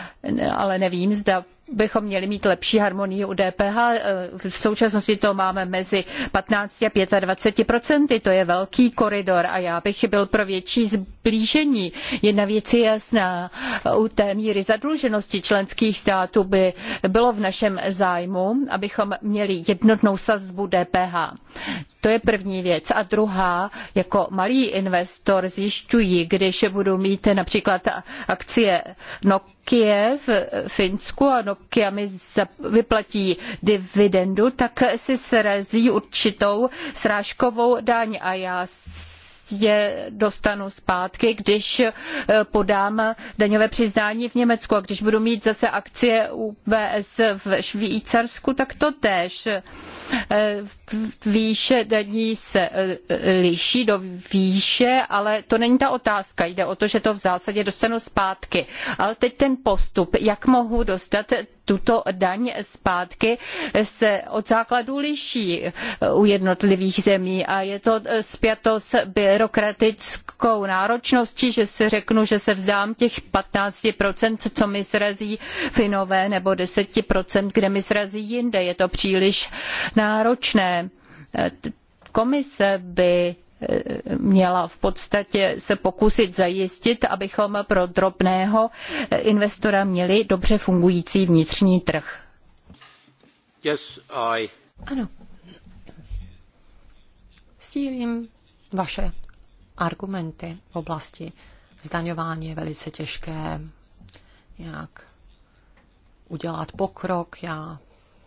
ale nevím, zda bychom měli mít lepší harmonii u DPH. Eh, v současnosti to máme mezi 15 a 25 procenty, to je velký koridor a já bych byl pro větší zblížení. Jedna věc je jasná, u té míry zadluženosti členských států by bylo v našem zájmu, abychom měli jednotnou sazbu DPH. To je první věc. A druhá, jako malý investor zjišťuji, když budu mít například akcie NOK Kiev, Finsku a Nokia mi vyplatí dividendu, tak si srazí určitou srážkovou daň a já je dostanu zpátky, když eh, podám daňové přiznání v Německu a když budu mít zase akcie UBS v Švýcarsku, tak to též eh, výše daní se eh, liší do výše, ale to není ta otázka. Jde o to, že to v zásadě dostanu zpátky. Ale teď ten postup, jak mohu dostat tuto daň zpátky se od základu liší u jednotlivých zemí a je to spjato s byrokratickou náročností, že si řeknu, že se vzdám těch 15%, co mi srazí finové, nebo 10%, kde mi srazí jinde. Je to příliš náročné. Komise by měla v podstatě se pokusit zajistit, abychom pro drobného investora měli dobře fungující vnitřní trh. Yes, I... Ano. Sdílím vaše argumenty v oblasti zdaňování je velice těžké, jak udělat pokrok. Já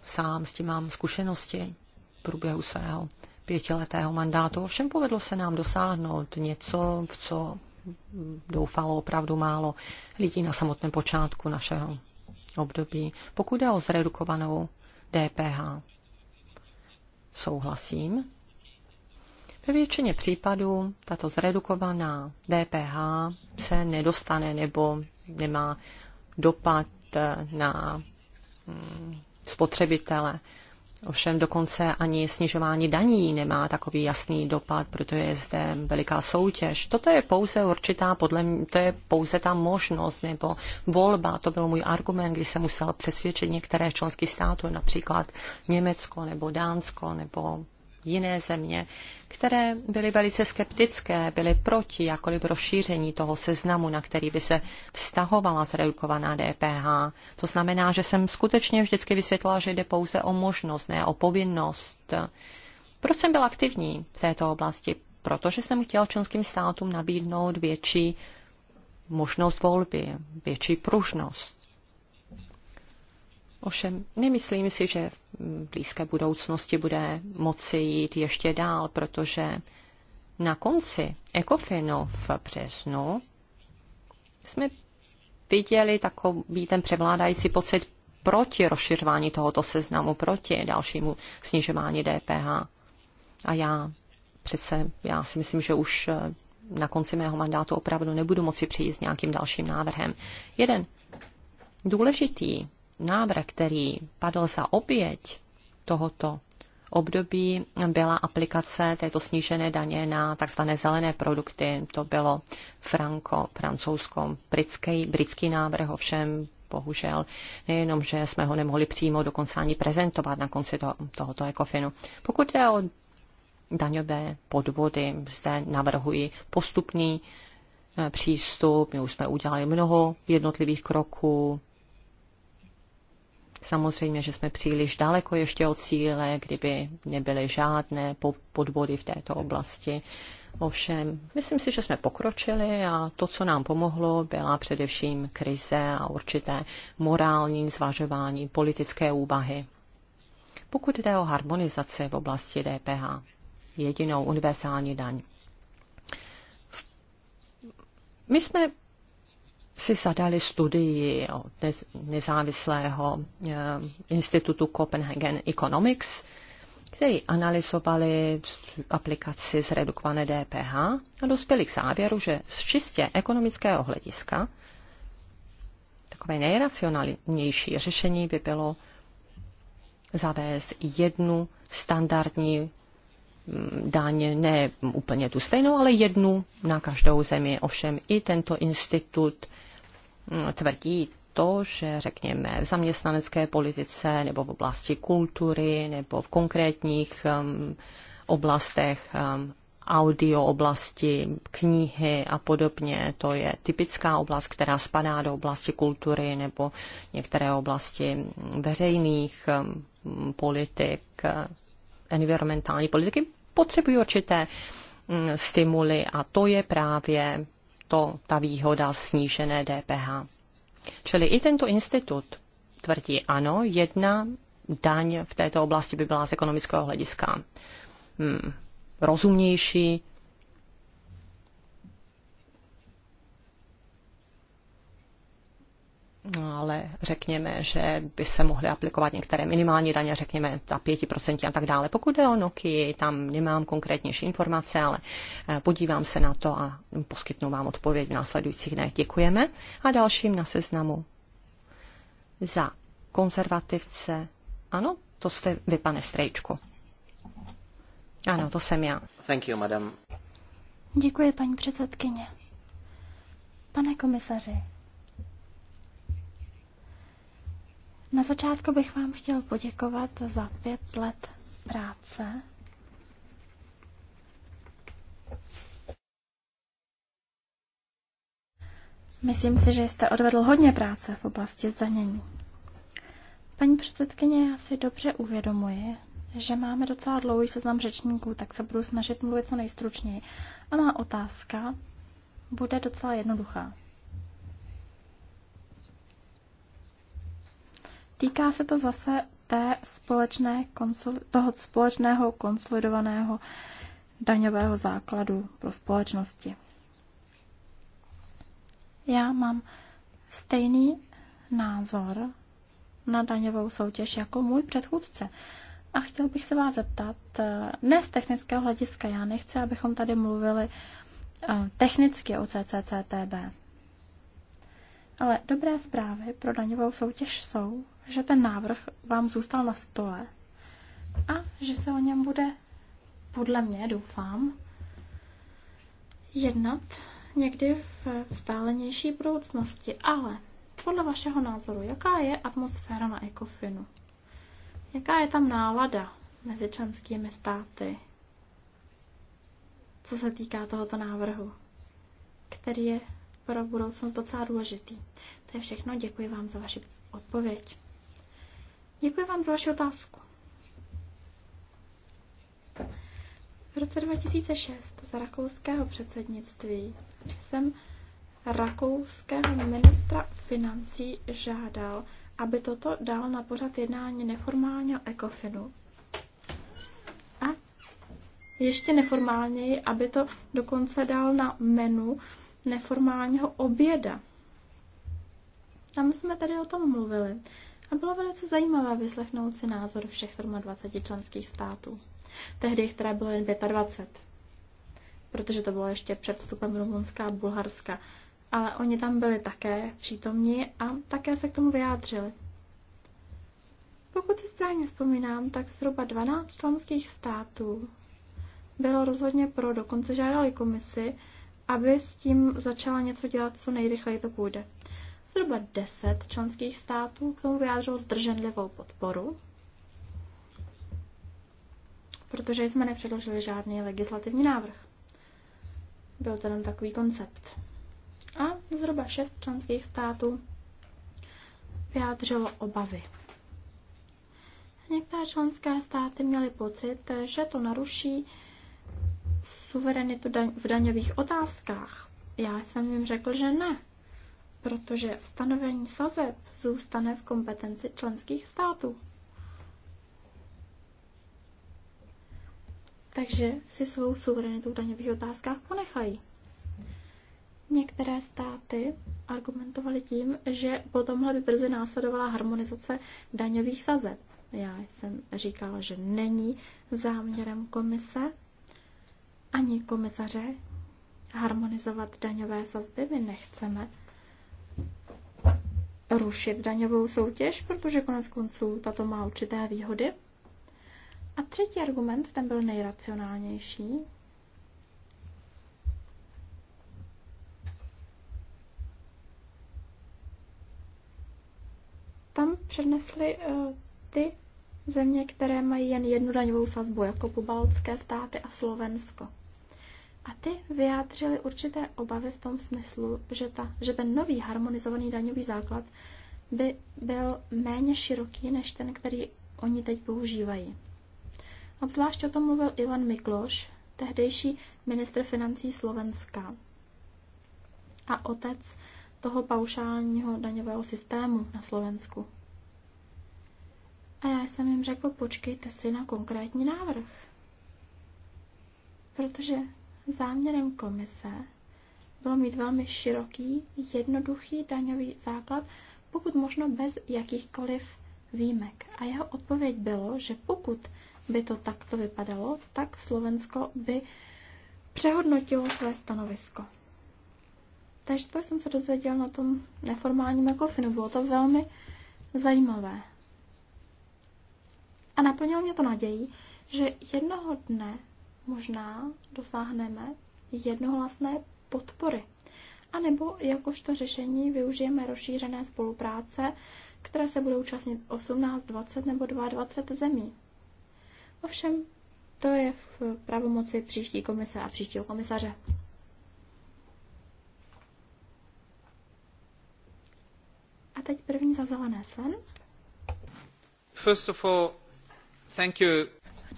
sám s tím mám zkušenosti v průběhu svého pětiletého mandátu. Ovšem povedlo se nám dosáhnout něco, v co doufalo opravdu málo lidí na samotném počátku našeho období. Pokud jde o zredukovanou DPH, souhlasím. Ve většině případů tato zredukovaná DPH se nedostane nebo nemá dopad na mm, spotřebitele. Ovšem dokonce ani snižování daní nemá takový jasný dopad, protože je zde veliká soutěž. Toto je pouze určitá, podle mě, to je pouze ta možnost nebo volba. To byl můj argument, když jsem musel přesvědčit některé členské státy, například Německo nebo Dánsko nebo jiné země, které byly velice skeptické, byly proti jakoliv rozšíření toho seznamu, na který by se vztahovala zredukovaná DPH. To znamená, že jsem skutečně vždycky vysvětlila, že jde pouze o možnost, ne o povinnost. Proč jsem byl aktivní v této oblasti? Protože jsem chtěl členským státům nabídnout větší možnost volby, větší pružnost. Ovšem, nemyslím si, že v blízké budoucnosti bude moci jít ještě dál, protože na konci ECOFINu v březnu jsme viděli takový ten převládající pocit proti rozšiřování tohoto seznamu, proti dalšímu snižování DPH. A já přece, já si myslím, že už eh, na konci mého mandátu opravdu nebudu moci přijít s nějakým dalším návrhem. Jeden důležitý návrh, který padl za oběť tohoto období, byla aplikace této snížené daně na tzv. zelené produkty. To bylo franco, francouzsko, britský, britský návrh, ovšem bohužel nejenom, že jsme ho nemohli přímo dokonce ani prezentovat na konci to, tohoto ekofinu. Pokud jde o daňové podvody, zde navrhuji postupný eh, přístup. My už jsme udělali mnoho jednotlivých kroků, Samozřejmě, že jsme příliš daleko ještě od cíle, kdyby nebyly žádné podvody v této oblasti. Ovšem, myslím si, že jsme pokročili a to, co nám pomohlo, byla především krize a určité morální zvažování, politické úvahy. Pokud jde o harmonizaci v oblasti DPH, jedinou univerzální daň. My jsme si zadali studii od nezávislého eh, institutu Copenhagen Economics, který analyzovali aplikaci zredukované DPH a dospěli k závěru, že z čistě ekonomického hlediska takové nejracionálnější řešení by bylo zavést jednu standardní mm, daň, ne úplně tu stejnou, ale jednu na každou zemi. Ovšem i tento institut Mm, tvrdí to, že řekněme v zaměstnanecké politice nebo v oblasti kultury nebo v konkrétních um, oblastech um, audio oblasti, knihy a podobně. To je typická oblast, která spadá do oblasti kultury nebo některé oblasti veřejných um, politik, uh, environmentální politiky. Potřebují určité mm, stimuly a to je právě to ta výhoda snížené DPH. Čili i tento institut tvrdí ano, jedna daň v této oblasti by byla z ekonomického hlediska hmm, rozumnější, No, ale řekněme, že by se mohly aplikovat některé minimální daně, řekněme ta 5% a tak dále. Pokud jde o Nokia, tam nemám konkrétnější informace, ale eh, podívám se na to a poskytnu vám odpověď v následujících dnech. Děkujeme. A dalším na seznamu za konzervativce. Ano, to jste vy, pane Strejčku. Ano, to jsem já. Thank you, madam. Děkuji, paní předsedkyně. Pane komisaři, Na začátku bych vám chtěl poděkovat za pět let práce. Myslím si, že jste odvedl hodně práce v oblasti zdanění. Paní předsedkyně, já si dobře uvědomuji, že máme docela dlouhý seznam řečníků, tak se budu snažit mluvit co nejstručněji. A má otázka bude docela jednoduchá. Týká se to zase té společné toho společného konsolidovaného daňového základu pro společnosti. Já mám stejný názor na daňovou soutěž jako můj předchůdce. A chtěl bych se vás zeptat, eh, ne z technického hlediska, já nechci, abychom tady mluvili eh, technicky o CCCTB. Ale dobré zprávy pro daňovou soutěž jsou, že ten návrh vám zůstal na stole a že se o něm bude, podle mě, doufám, jednat někdy v vzdálenější budoucnosti. Ale podle vašeho názoru, jaká je atmosféra na ECOFINu? Jaká je tam nálada mezi členskými státy, co se týká tohoto návrhu, který je pro budoucnost docela důležitý? To je všechno, děkuji vám za vaši odpověď. Děkuji vám za vaši otázku. V roce 2006 za rakouského předsednictví jsem rakouského ministra financí žádal, aby toto dal na pořad jednání neformálního ekofinu. A ještě neformálněji, aby to dokonce dal na menu neformálního oběda. Tam jsme tady o tom mluvili. A bylo velice zajímavé vyslechnout si názor všech 27 členských států. Tehdy jich teda bylo jen 25, protože to bylo ještě před vstupem Rumunska a Bulharska. Ale oni tam byli také přítomní a také se k tomu vyjádřili. Pokud si správně vzpomínám, tak zhruba 12 členských států bylo rozhodně pro, dokonce žádali komisi, aby s tím začala něco dělat, co nejrychleji to půjde. Zhruba deset členských států k tomu vyjádřilo zdrženlivou podporu, protože jsme nepředložili žádný legislativní návrh. Byl to jen takový koncept. A zhruba šest členských států vyjádřilo obavy. Některé členské státy měly pocit, že to naruší suverenitu v daňových otázkách. Já jsem jim řekl, že ne protože stanovení sazeb zůstane v kompetenci členských států. Takže si svou suverenitu v daňových otázkách ponechají. Některé státy argumentovaly tím, že po tomhle by brzy následovala harmonizace daňových sazeb. Já jsem říkala, že není záměrem komise ani komisaře harmonizovat daňové sazby. My nechceme rušit daňovou soutěž, protože konec konců tato má určité výhody. A třetí argument, ten byl nejracionálnější. Tam přednesly uh, ty země, které mají jen jednu daňovou sazbu, jako pobaltské státy a Slovensko. A ty vyjádřili určité obavy v tom smyslu, že, ta, že ten nový harmonizovaný daňový základ by byl méně široký než ten, který oni teď používají. Obzvlášť o tom mluvil Ivan Mikloš, tehdejší ministr financí Slovenska a otec toho paušálního daňového systému na Slovensku. A já jsem jim řekl, počkejte si na konkrétní návrh. Protože Záměrem komise bylo mít velmi široký, jednoduchý daňový základ, pokud možno bez jakýchkoliv výjimek. A jeho odpověď bylo, že pokud by to takto vypadalo, tak Slovensko by přehodnotilo své stanovisko. Takže to jsem se dozvěděl na tom neformálním ekofinu. Bylo to velmi zajímavé. A naplnilo mě to naději, že jednoho dne možná dosáhneme jednohlasné podpory. A nebo jakožto řešení využijeme rozšířené spolupráce, které se budou účastnit 18, 20 nebo 22 zemí. Ovšem, to je v pravomoci příští komise a příštího komisaře. A teď první za zelené sen. First of all, thank you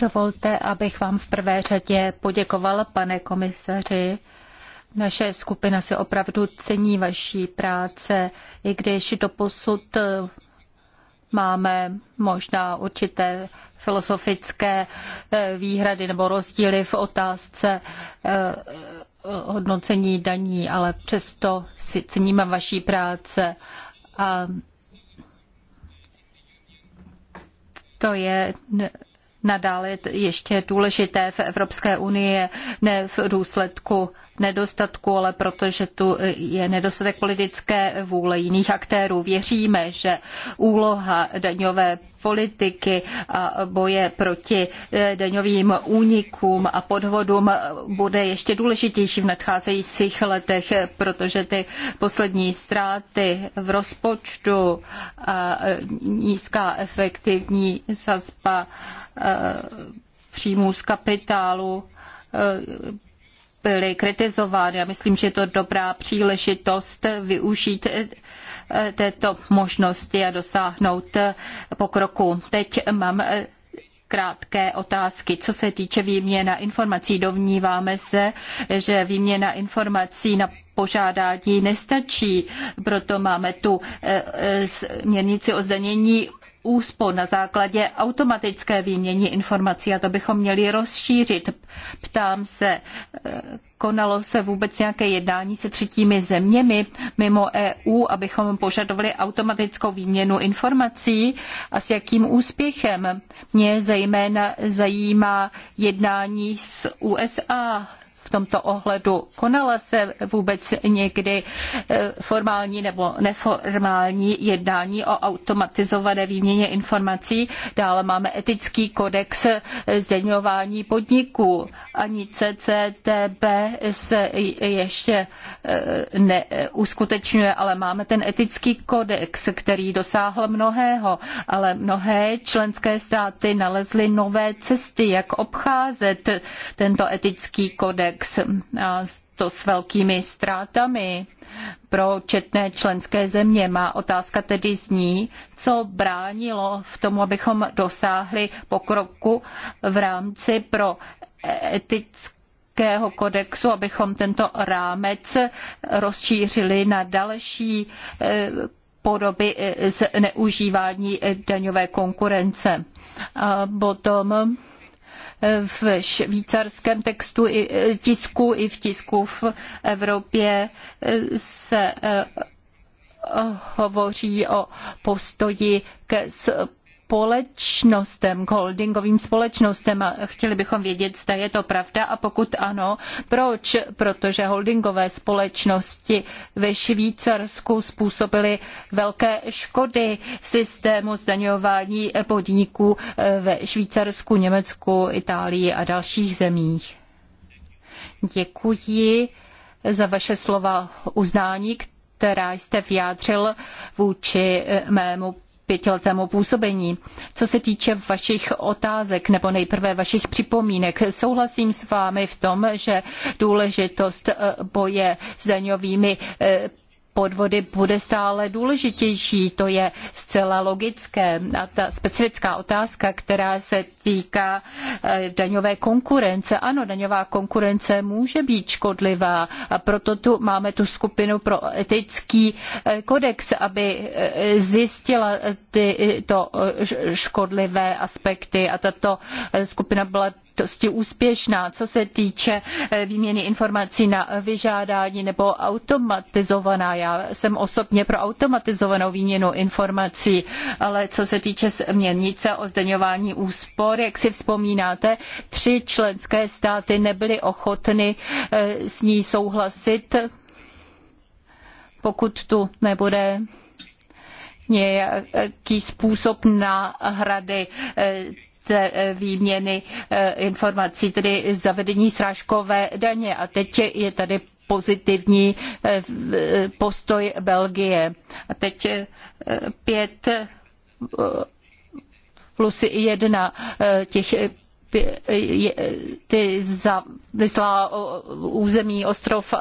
Dovolte, abych vám v prvé řadě poděkovala, pane komisaři. Naše skupina si opravdu cení vaší práce, i když doposud máme možná určité filozofické eh, výhrady nebo rozdíly v otázce eh, hodnocení daní, ale přesto si ceníme vaší práce a to je nadále ještě důležité v Evropské unii, ne v důsledku nedostatku, ale protože tu je nedostatek politické vůle jiných aktérů. Věříme, že úloha daňové politiky a boje proti eh, daňovým únikům a podvodům bude ještě důležitější v nadcházejících letech, protože ty poslední ztráty v rozpočtu a eh, nízká efektivní sazba eh, příjmů z kapitálu byly kritizovány. Já myslím, že je to dobrá příležitost využít eh, této možnosti a dosáhnout eh, pokroku. Teď mám eh, krátké otázky. Co se týče výměna informací, domníváme se, že výměna informací na požádání nestačí. Proto máme tu směrnici o zdanění úspor na základě automatické výměny informací a to bychom měli rozšířit. Ptám se, eh, konalo se vůbec nějaké jednání se třetími zeměmi mimo EU, abychom požadovali automatickou výměnu informací a s jakým úspěchem? Mě zejména zajímá jednání s USA, tomto ohledu. Konala se vůbec někdy eh, formální nebo neformální jednání o automatizované výměně informací. Dále máme etický kodex eh, zdeňování podniků. Ani CCTB se ještě eh, neuskutečňuje, ale máme ten etický kodex, který dosáhl mnohého, ale mnohé členské státy nalezly nové cesty, jak obcházet tento etický kodex Eulex, a eh, to s velkými ztrátami pro četné členské země. Má otázka tedy zní, co bránilo v tomu, abychom dosáhli pokroku v rámci pro etického kodexu, abychom tento rámec rozšířili na další eh, podoby eh, zneužívání daňové konkurence. A potom v švýcarském textu i e, tisku, i v tisku v Evropě e, se e, hovoří o postoji ke společnostem, k holdingovým společnostem a chtěli bychom vědět, zda je to pravda a pokud ano, proč? Protože holdingové společnosti ve Švýcarsku způsobily velké škody systému zdaňování podniků ve Švýcarsku, Německu, Itálii a dalších zemích. Děkuji za vaše slova uznání, která jste vyjádřil vůči mému pětiletému působení. Co se týče vašich otázek nebo nejprve vašich připomínek, souhlasím s vámi v tom, že důležitost eh, boje s daňovými eh, podvody bude stále důležitější. To je zcela logické. A ta specifická otázka, která se týká eh, daňové konkurence. Ano, daňová konkurence může být škodlivá a proto tu máme tu skupinu pro etický eh, kodex, aby eh, zjistila tyto škodlivé aspekty a tato skupina byla dosti úspěšná. Co se týče eh, výměny informací na vyžádání nebo automatizovaná, já jsem osobně pro automatizovanou výměnu informací, ale co se týče směrnice o zdaňování úspor, jak si vzpomínáte, tři členské státy nebyly ochotny eh, s ní souhlasit, pokud tu nebude nějaký způsob náhrady eh, té eh, výměny eh, informací, tedy zavedení srážkové daně. A teď je tady pozitivní eh, postoj Belgie. A teď pět plus jedna těch ty závislá území ostrov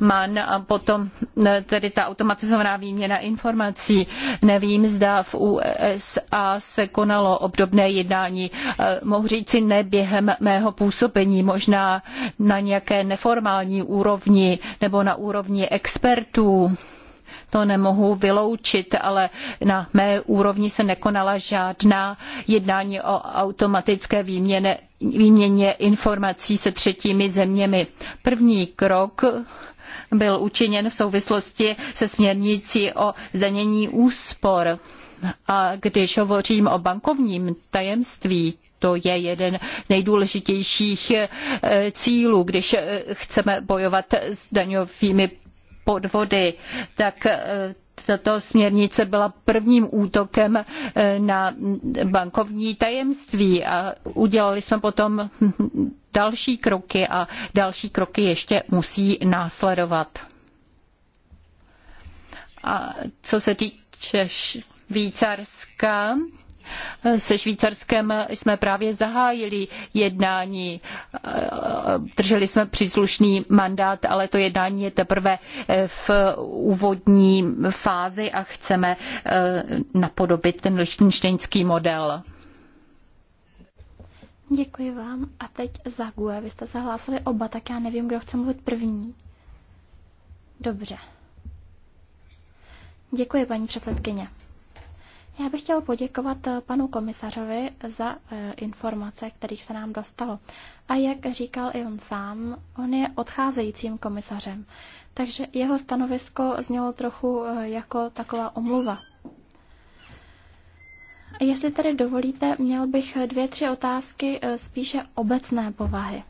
Man a potom e, tedy ta automatizovaná výměna informací. Nevím, zda v USA se konalo obdobné jednání. E, mohu říci ne během mého působení, možná na nějaké neformální úrovni nebo na úrovni expertů to nemohu vyloučit, ale na mé úrovni se nekonala žádná jednání o automatické výměně, výměně informací se třetími zeměmi. První krok byl učiněn v souvislosti se směrnicí o zdanění úspor. A když hovořím o bankovním tajemství, to je jeden z nejdůležitějších eh, cílů, když eh, chceme bojovat s daňovými podvody, tak eh, tato směrnice byla prvním útokem eh, na bankovní tajemství a udělali jsme potom další kroky a další kroky ještě musí následovat. A co se týče Švýcarska, se Švýcarskem jsme právě zahájili jednání, drželi jsme příslušný mandát, ale to jednání je teprve v úvodní fázi a chceme eh, napodobit ten lichtenštejnský model. Děkuji vám. A teď za GUE. Vy jste se hlásili oba, tak já nevím, kdo chce mluvit první. Dobře. Děkuji, paní předsedkyně. Já bych chtěl poděkovat eh, panu komisařovi za eh, informace, kterých se nám dostalo. A jak říkal i on sám, on je odcházejícím komisařem, takže jeho stanovisko znělo trochu eh, jako taková omluva. Jestli tedy dovolíte, měl bych dvě, tři otázky spíše obecné povahy.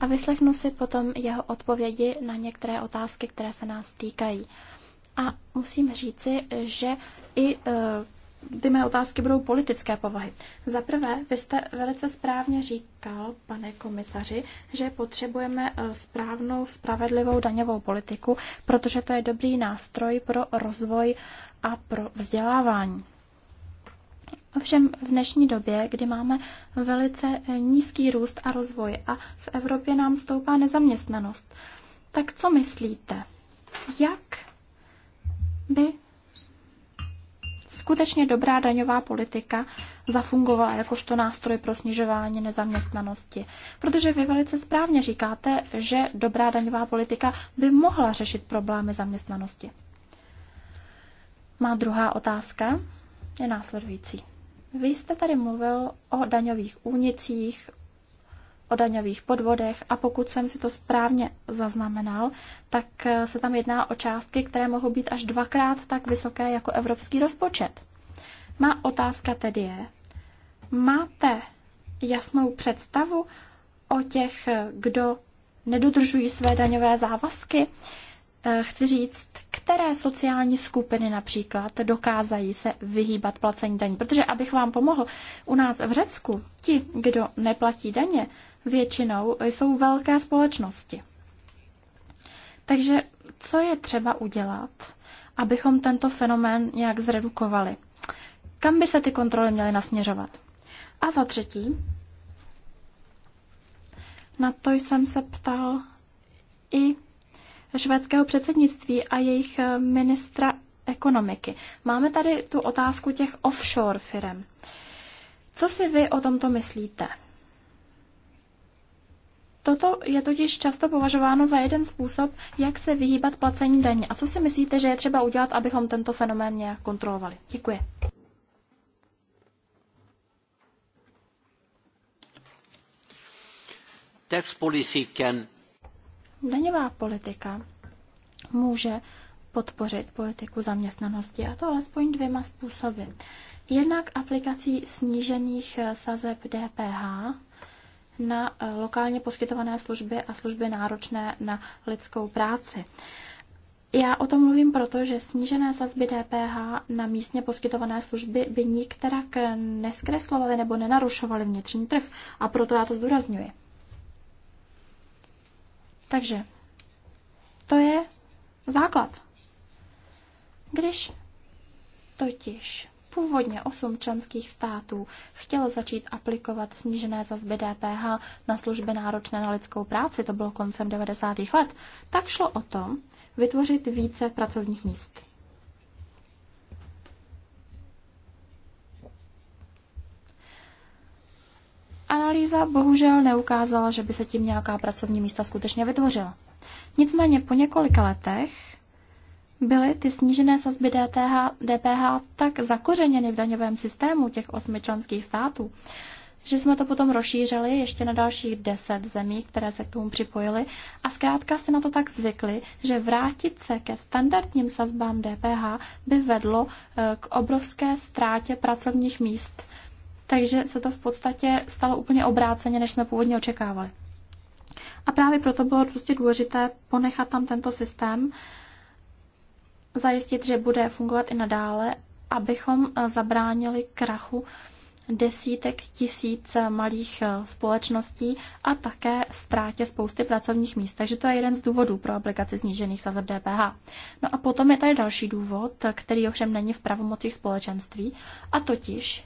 A vyslechnu si potom jeho odpovědi na některé otázky, které se nás týkají. A musím říci, že i eh, ty mé otázky budou politické povahy. Za prvé, vy jste velice správně říkal, pane komisaři, že potřebujeme eh, správnou, spravedlivou daňovou politiku, protože to je dobrý nástroj pro rozvoj a pro vzdělávání. Ovšem v dnešní době, kdy máme velice eh, nízký růst a rozvoj a v Evropě nám stoupá nezaměstnanost, tak co myslíte? Jak by skutečně dobrá daňová politika zafungovala jakožto nástroj pro snižování nezaměstnanosti. Protože vy velice správně říkáte, že dobrá daňová politika by mohla řešit problémy zaměstnanosti. Má druhá otázka je následující. Vy jste tady mluvil o daňových únicích, o daňových podvodech a pokud jsem si to správně zaznamenal, tak eh, se tam jedná o částky, které mohou být až dvakrát tak vysoké jako evropský rozpočet. Má otázka tedy je, máte jasnou představu o těch, eh, kdo nedodržují své daňové závazky? Eh, chci říct, které sociální skupiny například dokázají se vyhýbat placení daní. Protože abych vám pomohl, u nás v Řecku ti, kdo neplatí daně, většinou jsou velké společnosti. Takže co je třeba udělat, abychom tento fenomén nějak zredukovali? Kam by se ty kontroly měly nasměřovat? A za třetí, na to jsem se ptal i švédského předsednictví a jejich eh, ministra ekonomiky. Máme tady tu otázku těch offshore firm. Co si vy o tomto myslíte? Toto je totiž často považováno za jeden způsob, jak se vyhýbat placení daní. A co si myslíte, že je třeba udělat, abychom tento fenomén nějak kontrolovali? Děkuji. Taxpolitiken. Daňová politika může podpořit politiku zaměstnanosti, a to alespoň dvěma způsoby. Jednak aplikací snížených sazeb DPH na lokálně poskytované služby a služby náročné na lidskou práci. Já o tom mluvím proto, že snížené sazby DPH na místně poskytované služby by nikterak neskreslovaly nebo nenarušovaly vnitřní trh a proto já to zdůrazňuji. Takže to je základ. Když totiž Původně osm členských států chtělo začít aplikovat snížené zazby DPH na služby náročné na lidskou práci, to bylo koncem 90. let, tak šlo o to vytvořit více pracovních míst. Analýza bohužel neukázala, že by se tím nějaká pracovní místa skutečně vytvořila. Nicméně po několika letech byly ty snížené sazby DTH, DPH tak zakořeněny v daňovém systému těch osmi členských států, že jsme to potom rozšířili ještě na dalších deset zemí, které se k tomu připojily a zkrátka se na to tak zvykli, že vrátit se ke standardním sazbám DPH by vedlo eh, k obrovské ztrátě pracovních míst. Takže se to v podstatě stalo úplně obráceně, než jsme původně očekávali. A právě proto bylo prostě důležité ponechat tam tento systém, zajistit, že bude fungovat i nadále, abychom eh, zabránili krachu desítek tisíc eh, malých eh, společností a také ztrátě spousty pracovních míst. Takže to je jeden z důvodů pro aplikaci snížených sazeb DPH. No a potom je tady další důvod, který ovšem není v pravomocích společenství, a totiž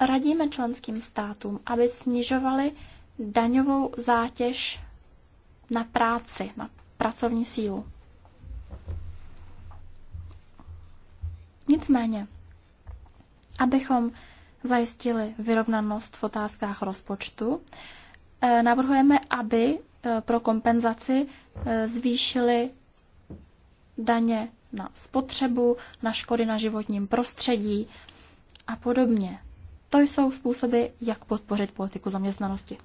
radíme členským státům, aby snižovali daňovou zátěž na práci, na pracovní sílu. Nicméně, abychom zajistili vyrovnanost v otázkách rozpočtu, eh, navrhujeme, aby eh, pro kompenzaci eh, zvýšili daně na spotřebu, na škody na životním prostředí a podobně. To jsou způsoby, jak podpořit politiku zaměstnanosti.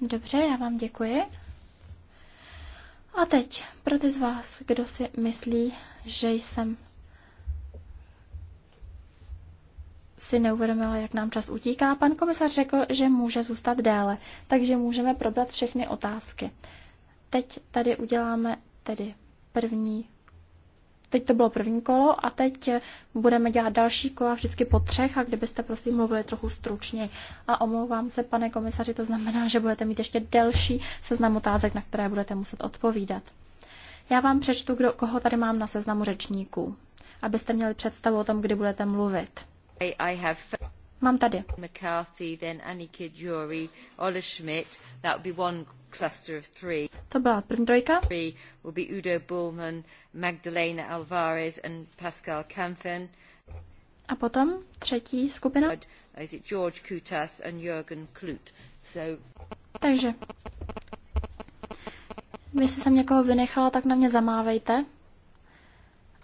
Dobře, já vám děkuji. A teď pro ty z vás, kdo si myslí, že jsem si neuvědomila, jak nám čas utíká. Pan komisař řekl, že může zůstat déle, takže můžeme probrat všechny otázky. Teď tady uděláme tedy první Teď to bylo první kolo a teď budeme dělat další kola vždycky po třech a kdybyste prosím mluvili trochu stručně. A omlouvám se, pane komisaři, to znamená, že budete mít ještě delší seznam otázek, na které budete muset odpovídat. Já vám přečtu, kdo, koho tady mám na seznamu řečníků, abyste měli představu o tom, kdy budete mluvit. Mám tady. McCarthy, then Annika Jury, Ola that would be one cluster of three. To byla první trojka. Three will be Udo Bullman, Magdalena Alvarez and Pascal Kampfen. A potom třetí skupina. Is it George Kutas and Jürgen Klut. So... Takže, jestli jsem někoho vynechala, tak na mě zamávejte.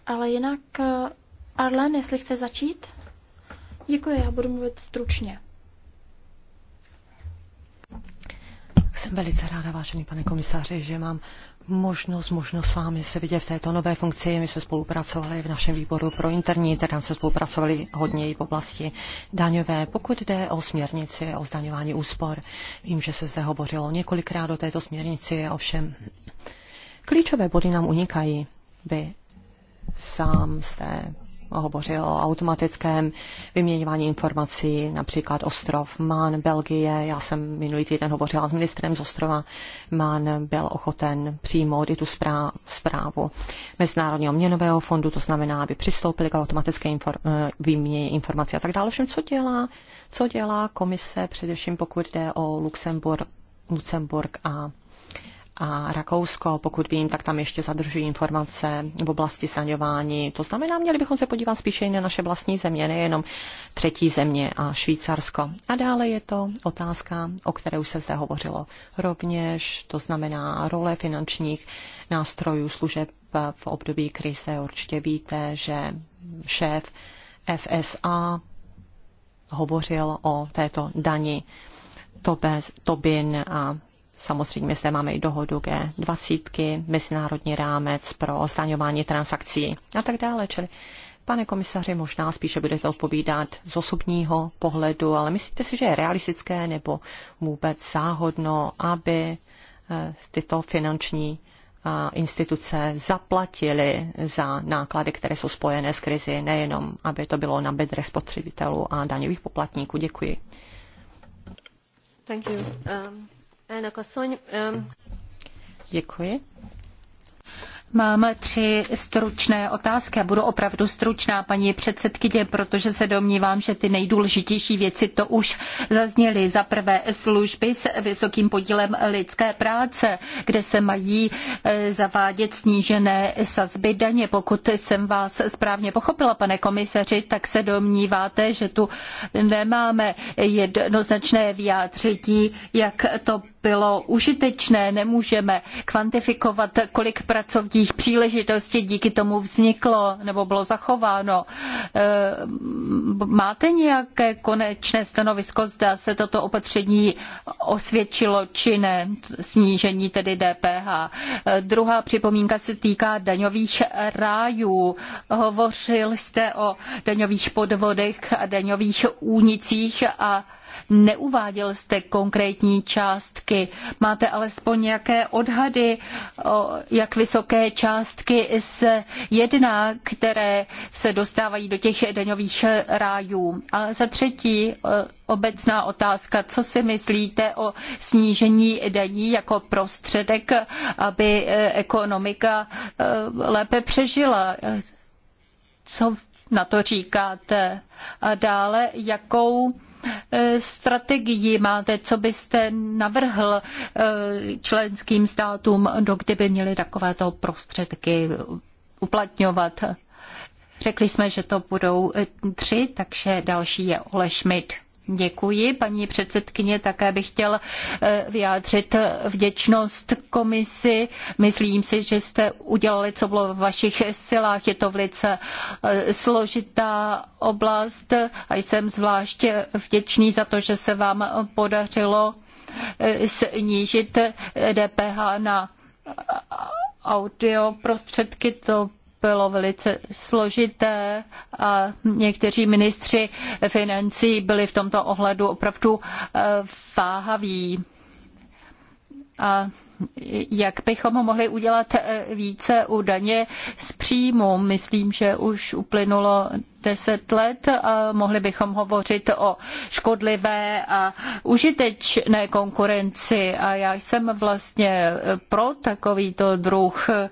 Ale jinak, eh, Arlen, jestli chce začít? Děkuji, já budu mluvit stručně. Jsem velice ráda, vážený pane komisáři, že mám možnost, možnost s vámi se vidět v této nové funkci. My jsme spolupracovali v našem výboru pro interní, teda jsme spolupracovali hodně i v oblasti daňové. Pokud jde o směrnici o zdaňování úspor, vím, že se zde hovořilo několikrát o této směrnici, ovšem klíčové body nám unikají. Vy sám jste hovořil o automatickém vyměňování informací, například ostrov Man, Belgie. Já jsem minulý týden hovořila s ministrem z ostrova Man, byl ochoten přijmout i tu zprávu Mezinárodního měnového fondu, to znamená, aby přistoupili k automatické inform- eh, výměně informací a tak dále. Všem, co dělá, co dělá komise, především pokud jde o Luxemburg, Lucemburg a a Rakousko, pokud vím, tak tam ještě zadržují informace v oblasti zdaňování. To znamená, měli bychom se podívat spíše i na naše vlastní země, nejenom třetí země a Švýcarsko. A dále je to otázka, o které už se zde hovořilo. Rovněž to znamená role finančních nástrojů služeb v období krize. Určitě víte, že šéf FSA hovořil o této dani Tobin a Samozřejmě zde máme i dohodu G20, mezinárodní rámec pro zdaňování transakcí a tak dále. Čili, pane komisaři, možná spíše budete odpovídat z osobního pohledu, ale myslíte si, že je realistické nebo vůbec záhodno, aby eh, tyto finanční eh, instituce zaplatily za náklady, které jsou spojené s krizi, nejenom aby to bylo na bedre spotřebitelů a daňových poplatníků. Děkuji. Thank you. Um... Děkuji. Mám tři stručné otázky a budu opravdu stručná, paní předsedkyně, protože se domnívám, že ty nejdůležitější věci to už zazněly. Za prvé služby s vysokým podílem lidské práce, kde se mají e, zavádět snížené sazby daně. Pokud jsem vás správně pochopila, pane komisaři, tak se domníváte, že tu nemáme jednoznačné vyjádření, jak to bylo užitečné. Nemůžeme kvantifikovat, kolik pracovních příležitostí díky tomu vzniklo nebo bylo zachováno. Eh, máte nějaké konečné stanovisko, zda se toto opatření osvědčilo či ne, snížení tedy DPH. Eh, druhá připomínka se týká daňových rájů. Hovořil jste o daňových podvodech a daňových únicích a Neuváděl jste konkrétní částky. Máte alespoň nějaké odhady, o jak vysoké částky se jedná, které se dostávají do těch daňových rájů. A za třetí, e, obecná otázka, co si myslíte o snížení daní jako prostředek, aby e, ekonomika e, lépe přežila? Co na to říkáte? A dále, jakou Eh, strategii máte, co byste navrhl eh, členským státům, do kdyby měli takovéto prostředky uplatňovat? Řekli jsme, že to budou eh, tři, takže další je Ole Schmidt. Děkuji, paní předsedkyně. Také bych chtěl eh, vyjádřit eh, vděčnost komisi. Myslím si, že jste udělali, co bylo v vašich silách. Je to velice eh, složitá oblast a jsem zvláště vděčný za to, že se vám podařilo snížit DPH na audio prostředky. To bylo velice složité a někteří ministři financí byli v tomto ohledu opravdu eh, váhaví. A jak bychom mohli udělat eh, více u daně z příjmu. Myslím, že už uplynulo deset let a mohli bychom hovořit o škodlivé a užitečné konkurenci. A já jsem vlastně eh, pro takovýto druh eh,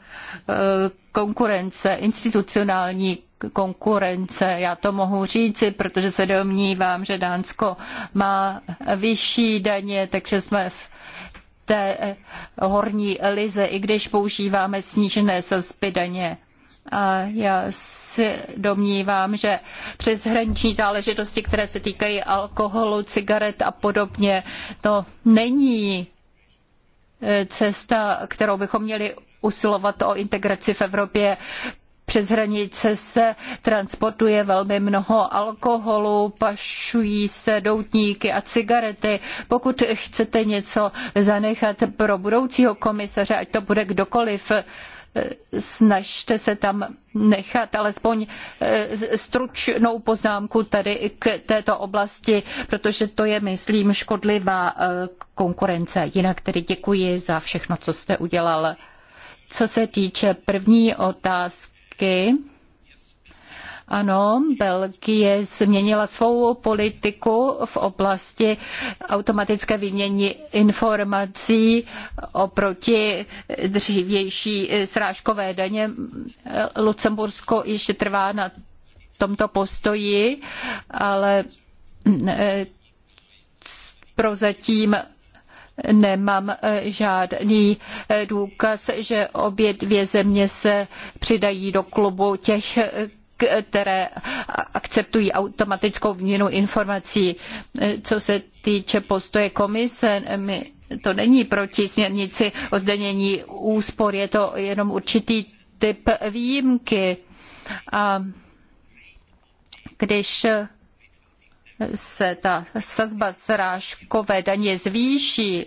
konkurence, institucionální konkurence. Já to mohu říci, protože se domnívám, že Dánsko má vyšší daně, takže jsme v té horní lize, i když používáme snížené sazby daně. A já si domnívám, že přes hraniční záležitosti, které se týkají alkoholu, cigaret a podobně, to není eh, cesta, kterou bychom měli usilovat o integraci v Evropě přes hranice se transportuje velmi mnoho alkoholu, pašují se doutníky a cigarety. Pokud chcete něco zanechat pro budoucího komisaře, ať to bude kdokoliv, eh, snažte se tam nechat alespoň eh, stručnou poznámku tady k této oblasti, protože to je, myslím, škodlivá eh, konkurence. Jinak tedy děkuji za všechno, co jste udělal. Co se týče první otázky, výdobytky. Ano, Belgie změnila svou politiku v oblasti automatické výměny informací oproti dřívější srážkové daně. Lucembursko ještě trvá na tomto postoji, ale eh, prozatím Nemám eh, žádný eh, důkaz, že obě dvě země se přidají do klubu těch, eh, které akceptují automatickou výměnu informací. Co se týče postoje komise, my to není proti směrnici o zdanění úspor, je to jenom určitý typ výjimky. A když se ta sazba srážkové daně zvýší eh,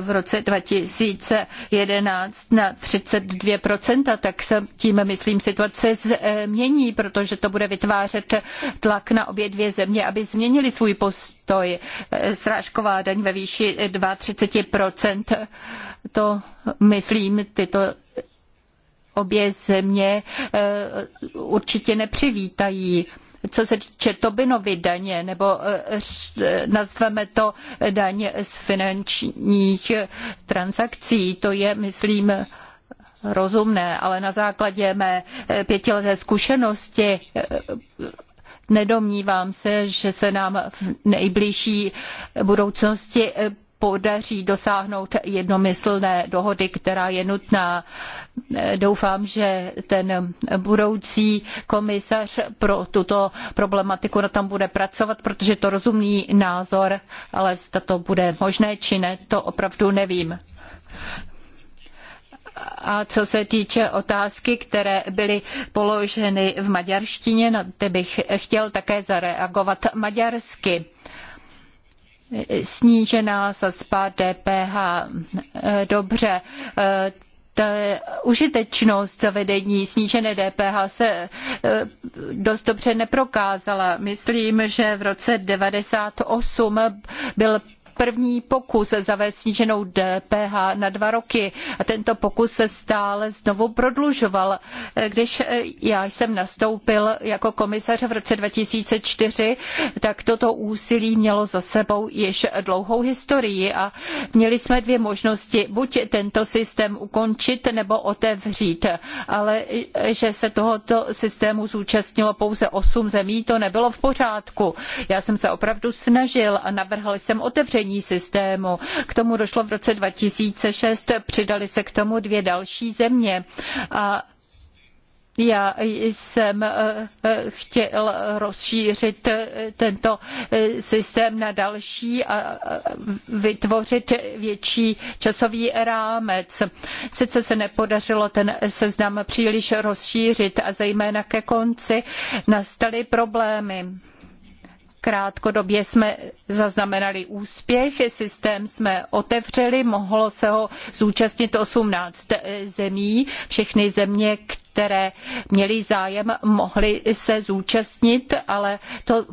v roce 2011 na 32%, tak se tím, myslím, situace změní, protože to bude vytvářet tlak na obě dvě země, aby změnili svůj postoj. Eh, srážková daň ve výši 32%, to, myslím, tyto obě země eh, určitě nepřivítají co se týče Tobinovy daně, nebo eh, eh, nazveme to eh, daň z finančních transakcí, to je, myslím, rozumné, ale na základě mé pětileté zkušenosti nedomnívám se, že se nám v nejbližší budoucnosti podaří dosáhnout jednomyslné dohody, která je nutná. Doufám, že ten budoucí komisař pro tuto problematiku na tam bude pracovat, protože to rozumný názor, ale zda to bude možné či ne, to opravdu nevím. A co se týče otázky, které byly položeny v maďarštině, na ty bych chtěl také zareagovat maďarsky snížená sazba DPH. Dobře, užitečnost zavedení snížené DPH se eh, dost dobře neprokázala. Myslím, že v roce 98 byl první pokus zavést sníženou DPH na dva roky a tento pokus se stále znovu prodlužoval. Když eh, já jsem nastoupil jako komisař v roce 2004, tak toto úsilí mělo za sebou již dlouhou historii a měli jsme dvě možnosti, buď tento systém ukončit nebo otevřít, ale eh, že se tohoto systému zúčastnilo pouze osm zemí, to nebylo v pořádku. Já jsem se opravdu snažil a navrhl jsem otevření zlepšení systému. K tomu došlo v roce 2006, přidali se k tomu dvě další země. A já jsem eh, eh, chtěl rozšířit eh, tento systém na další a vytvořit větší časový rámec. Sice se nepodařilo ten seznam příliš rozšířit a zejména ke konci nastaly problémy. Krátkodobě jsme zaznamenali úspěch, systém jsme otevřeli, mohlo se ho zúčastnit 18 zemí. Všechny země, které měly zájem, mohly se zúčastnit, ale to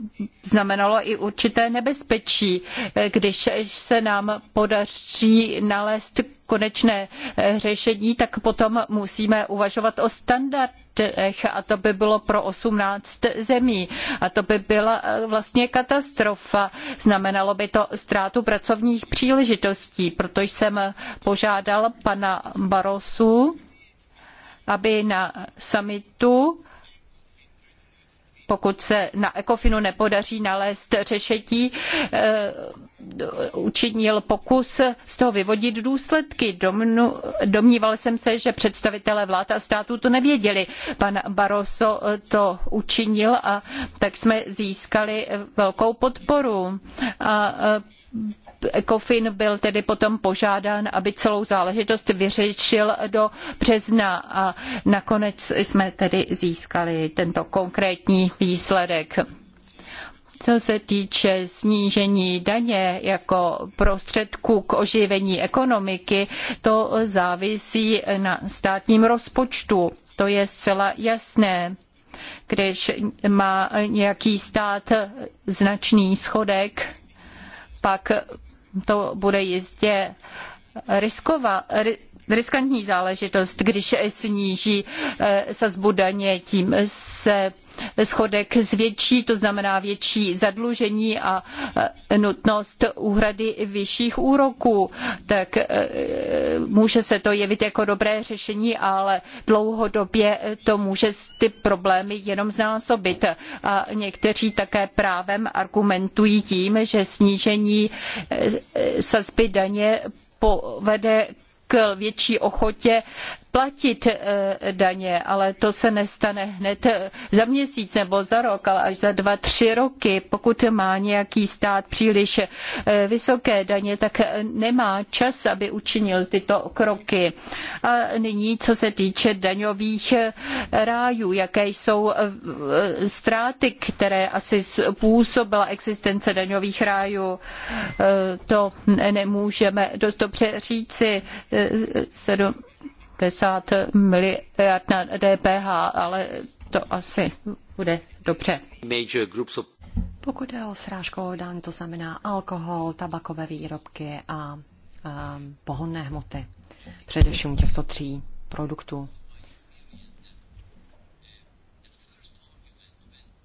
znamenalo i určité nebezpečí. Když se nám podaří nalézt konečné řešení, tak potom musíme uvažovat o standardech dnech a to by bylo pro 18 zemí. A to by byla eh, vlastně katastrofa. Znamenalo by to ztrátu pracovních příležitostí, protože jsem požádal pana Barosu, aby na summitu pokud se na Ekofinu nepodaří nalézt řešení, eh, učinil pokus z toho vyvodit důsledky. domníval jsem se, že představitelé vlád a států to nevěděli. Pan Barroso to učinil a tak jsme získali velkou podporu. A eh, Ecofin byl tedy potom požádán, aby celou záležitost vyřešil do března a nakonec jsme tedy získali tento konkrétní výsledek. Co se týče snížení daně jako prostředku k oživení ekonomiky, to závisí na státním rozpočtu. To je zcela jasné. Když má nějaký stát značný schodek, pak to bude jistě riskova, riskantní záležitost, když sníží eh, sazbu daně, tím se schodek zvětší, to znamená větší zadlužení a eh, nutnost úhrady vyšších úroků. Tak eh, může se to jevit jako dobré řešení, ale dlouhodobě to může ty problémy jenom znásobit. A někteří také právem argumentují tím, že snížení sazby daně povede k větší ochotě platit eh, daně, ale to se nestane hned eh, za měsíc nebo za rok, ale až za dva, tři roky. Pokud má nějaký stát příliš eh, vysoké daně, tak nemá čas, aby učinil tyto kroky. A nyní, co se týče daňových rájů, jaké jsou ztráty, které asi způsobila existence daňových rájů, to nemůžeme dost dobře říci. sedm, 50 miliard na DPH, ale to asi bude dobře. Pokud je o srážkovou daň, to znamená alkohol, tabakové výrobky a a ehm, pohonné hmoty. Především těchto tří produktů.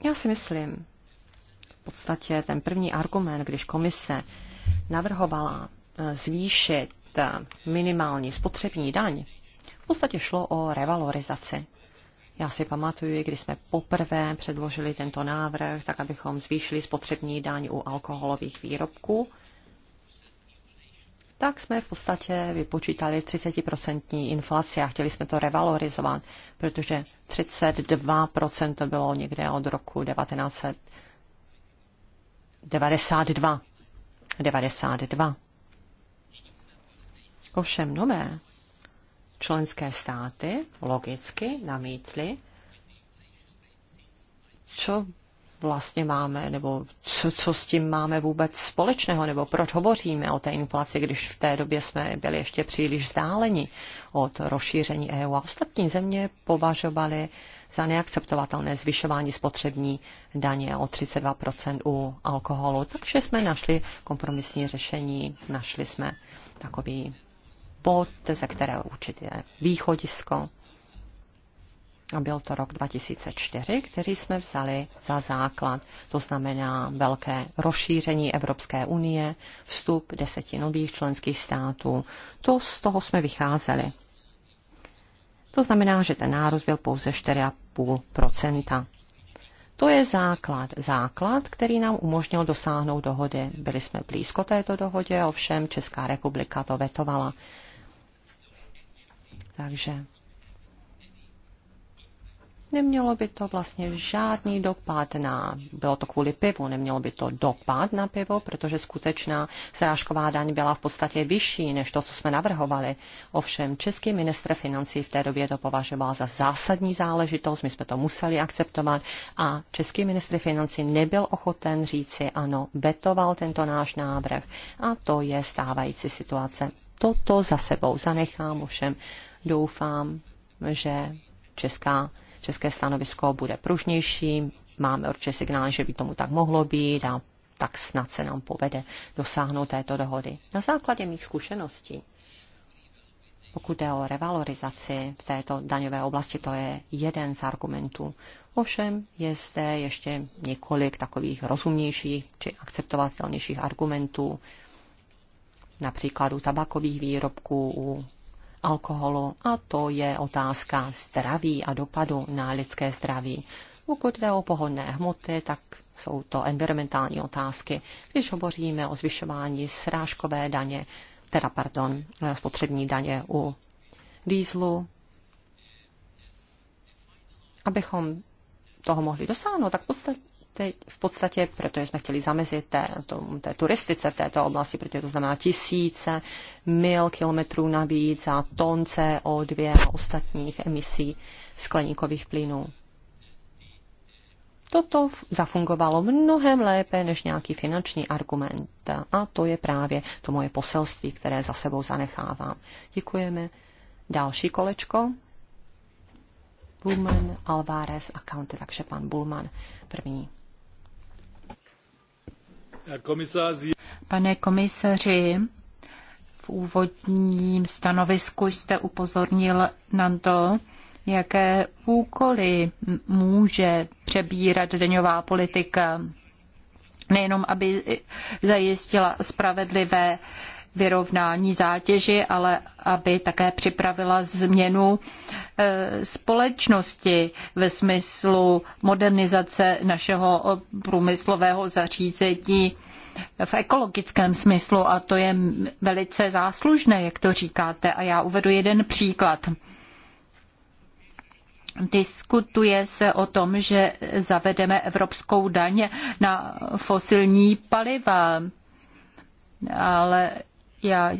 Já si myslím, v podstatě ten první argument, když komise navrhovala eh, zvýšit eh, minimální spotřební daň, podstatě šlo o revalorizaci. Já si pamatuju, když jsme poprvé předložili tento návrh, tak abychom zvýšili spotřební daň u alkoholových výrobků, tak jsme v podstatě vypočítali 30% inflaci a chtěli jsme to revalorizovat, protože 32% to bylo někde od roku 1992. 92. Ovšem nové členské státy logicky namítly, co vlastně máme, nebo co, co s tím máme vůbec společného, nebo proč hovoříme o té inflaci, když v té době jsme byli ještě příliš vzdáleni od rozšíření EU a ostatní země považovaly za neakceptovatelné zvyšování spotřební daně o 32% u alkoholu. Takže jsme našli kompromisní řešení, našli jsme takový bod, ze kterého určitě východisko. A byl to rok 2004, který jsme vzali za základ. To znamená velké rozšíření Evropské unie, vstup deseti nových členských států. To z toho jsme vycházeli. To znamená, že ten nárůst byl pouze 4,5 To je základ. Základ, který nám umožnil dosáhnout dohody. Byli jsme blízko této dohodě, ovšem Česká republika to vetovala. Takže nemělo by to vlastně žádný dopad na, bylo to kvůli pivu, nemělo by to dopad na pivo, protože skutečná srážková daň byla v podstatě vyšší než to, co jsme navrhovali. Ovšem český ministr financí v té době to považoval za zásadní záležitost, my jsme to museli akceptovat a český ministr financí nebyl ochoten říci ano, betoval tento náš návrh a to je stávající situace. Toto za sebou zanechám, ovšem Doufám, že česká, české stanovisko bude pružnější. Máme určitě signál, že by tomu tak mohlo být a tak snad se nám povede dosáhnout této dohody. Na základě mých zkušeností, pokud jde o revalorizaci v této daňové oblasti, to je jeden z argumentů. Ovšem je zde ještě několik takových rozumnějších či akceptovatelnějších argumentů, například u tabakových výrobků, u alkoholu a to je otázka zdraví a dopadu na lidské zdraví. Pokud jde o pohodné hmoty, tak jsou to environmentální otázky. Když hovoříme o zvyšování srážkové daně, teda pardon, eh, spotřební daně u dýzlu, abychom toho mohli dosáhnout, tak v podstatě teď v podstatě, protože jsme chtěli zamezit té, to, té turistice v této oblasti, protože to znamená tisíce mil kilometrů navíc a ton CO2 a ostatních emisí skleníkových plynů. Toto zafungovalo mnohem lépe než nějaký finanční argument. A to je právě to moje poselství, které za sebou zanechávám. Děkujeme. Další kolečko. Bulman, Alvarez a Kante, takže pan Bulman první. Pane komisaři, v úvodním stanovisku jste upozornil na to, jaké úkoly může přebírat daňová politika, nejenom aby zajistila spravedlivé vyrovnání zátěži, ale aby také připravila změnu eh, společnosti ve smyslu modernizace našeho eh, průmyslového zařízení v ekologickém smyslu a to je velice záslužné, jak to říkáte. A já uvedu jeden příklad. Diskutuje se o tom, že zavedeme evropskou daň na fosilní paliva, ale já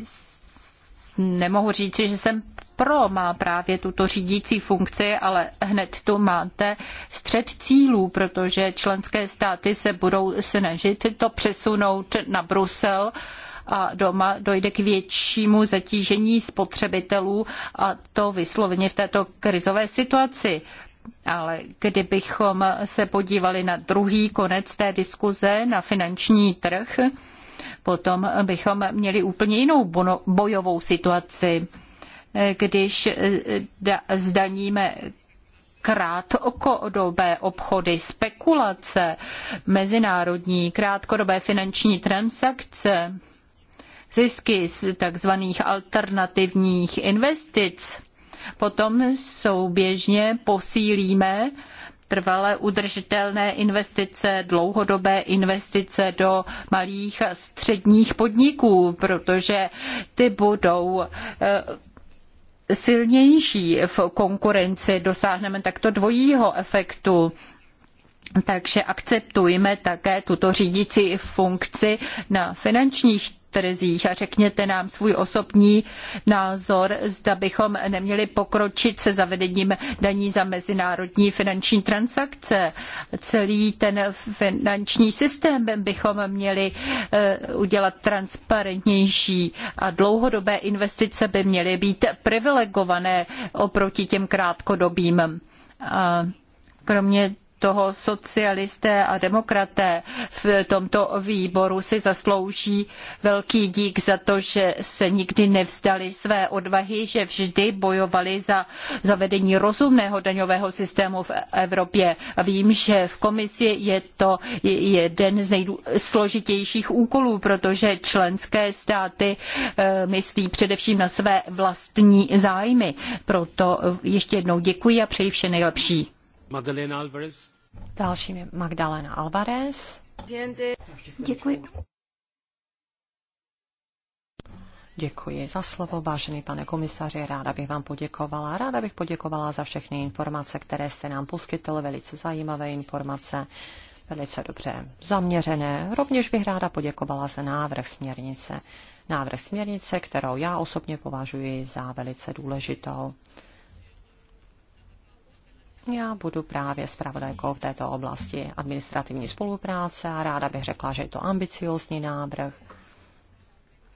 nemohu říct, že jsem pro má právě tuto řídící funkci, ale hned tu máte střed cílů, protože členské státy se budou snažit to přesunout na Brusel a doma dojde k většímu zatížení spotřebitelů a to vysloveně v této krizové situaci. Ale kdybychom se podívali na druhý konec té diskuze, na finanční trh, potom bychom měli úplně jinou bojovou situaci, když zdaníme krátkodobé obchody, spekulace, mezinárodní krátkodobé finanční transakce, zisky z takzvaných alternativních investic. Potom souběžně posílíme trvale udržitelné investice, dlouhodobé investice do malých a středních podniků, protože ty budou eh, silnější v konkurenci. Dosáhneme takto dvojího efektu takže akceptujme také tuto řídící funkci na finančních trzích a řekněte nám svůj osobní názor, zda bychom neměli pokročit se zavedením daní za mezinárodní finanční transakce. Celý ten finanční systém bychom měli eh, udělat transparentnější a dlouhodobé investice by měly být privilegované oproti těm krátkodobým. A kromě toho socialisté a demokraté v tomto výboru si zaslouží velký dík za to, že se nikdy nevzdali své odvahy, že vždy bojovali za zavedení rozumného daňového systému v Evropě. vím, že v komisi je to jeden z nejsložitějších úkolů, protože členské státy eh, myslí především na své vlastní zájmy. Proto ještě jednou děkuji a přeji vše nejlepší. Magdalena Alvarez. je Magdalena Alvarez. Děkuji. Děkuji za slovo, vážený pane komisaři. Ráda bych vám poděkovala. Ráda bych poděkovala za všechny informace, které jste nám poskytl. Velice zajímavé informace, velice dobře zaměřené. Rovněž bych ráda poděkovala za návrh směrnice. Návrh směrnice, kterou já osobně považuji za velice důležitou. Já budu právě zpravodajkou v této oblasti administrativní spolupráce a ráda bych řekla, že je to ambiciózní návrh,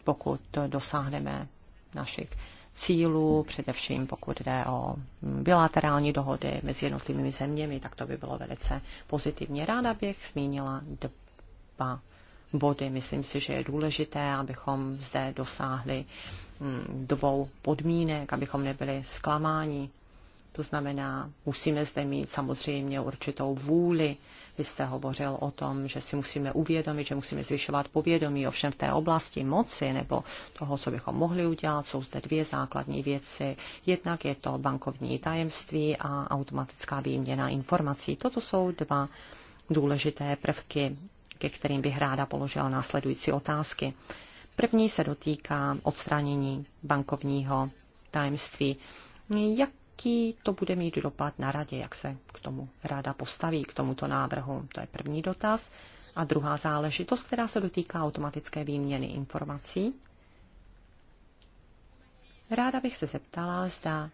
pokud dosáhneme našich cílů, především pokud jde o bilaterální dohody mezi jednotlivými zeměmi, tak to by bylo velice pozitivně. Ráda bych zmínila dva body. Myslím si, že je důležité, abychom zde dosáhli mm, dvou podmínek, abychom nebyli zklamáni to znamená, musíme zde mít samozřejmě určitou vůli. Vy jste hovořil o tom, že si musíme uvědomit, že musíme zvyšovat povědomí. Ovšem v té oblasti moci nebo toho, co bychom mohli udělat, jsou zde dvě základní věci. Jednak je to bankovní tajemství a automatická výměna informací. Toto jsou dva důležité prvky, ke kterým bych ráda položila následující otázky. První se dotýká odstranění bankovního tajemství. Jak jaký to bude mít dopad na radě, jak se k tomu ráda postaví, k tomuto návrhu. To je první dotaz. A druhá záležitost, která se dotýká automatické výměny informací. Ráda bych se zeptala, zda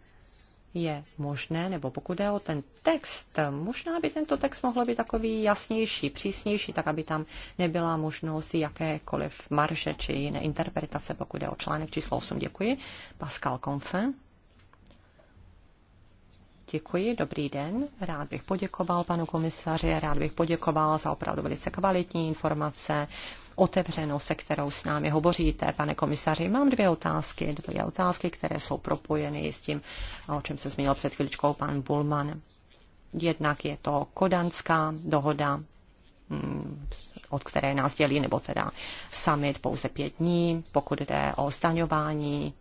je možné, nebo pokud je o ten text, možná by tento text mohl být takový jasnější, přísnější, tak aby tam nebyla možnost jakékoliv marže či jiné interpretace, pokud je o článek číslo 8. Děkuji. Pascal Confin. Děkuji, dobrý den. Rád bych poděkoval panu komisaři, rád bych poděkoval za opravdu velice kvalitní informace, otevřenou se kterou s námi hovoříte, pane komisaři. Mám dvě otázky, dvě otázky, které jsou propojeny s tím, o čem se zmínil před chvíličkou pan Bulman. Jednak je to kodanská dohoda, mm, od které nás dělí, nebo teda summit pouze pět dní, pokud jde o zdaňování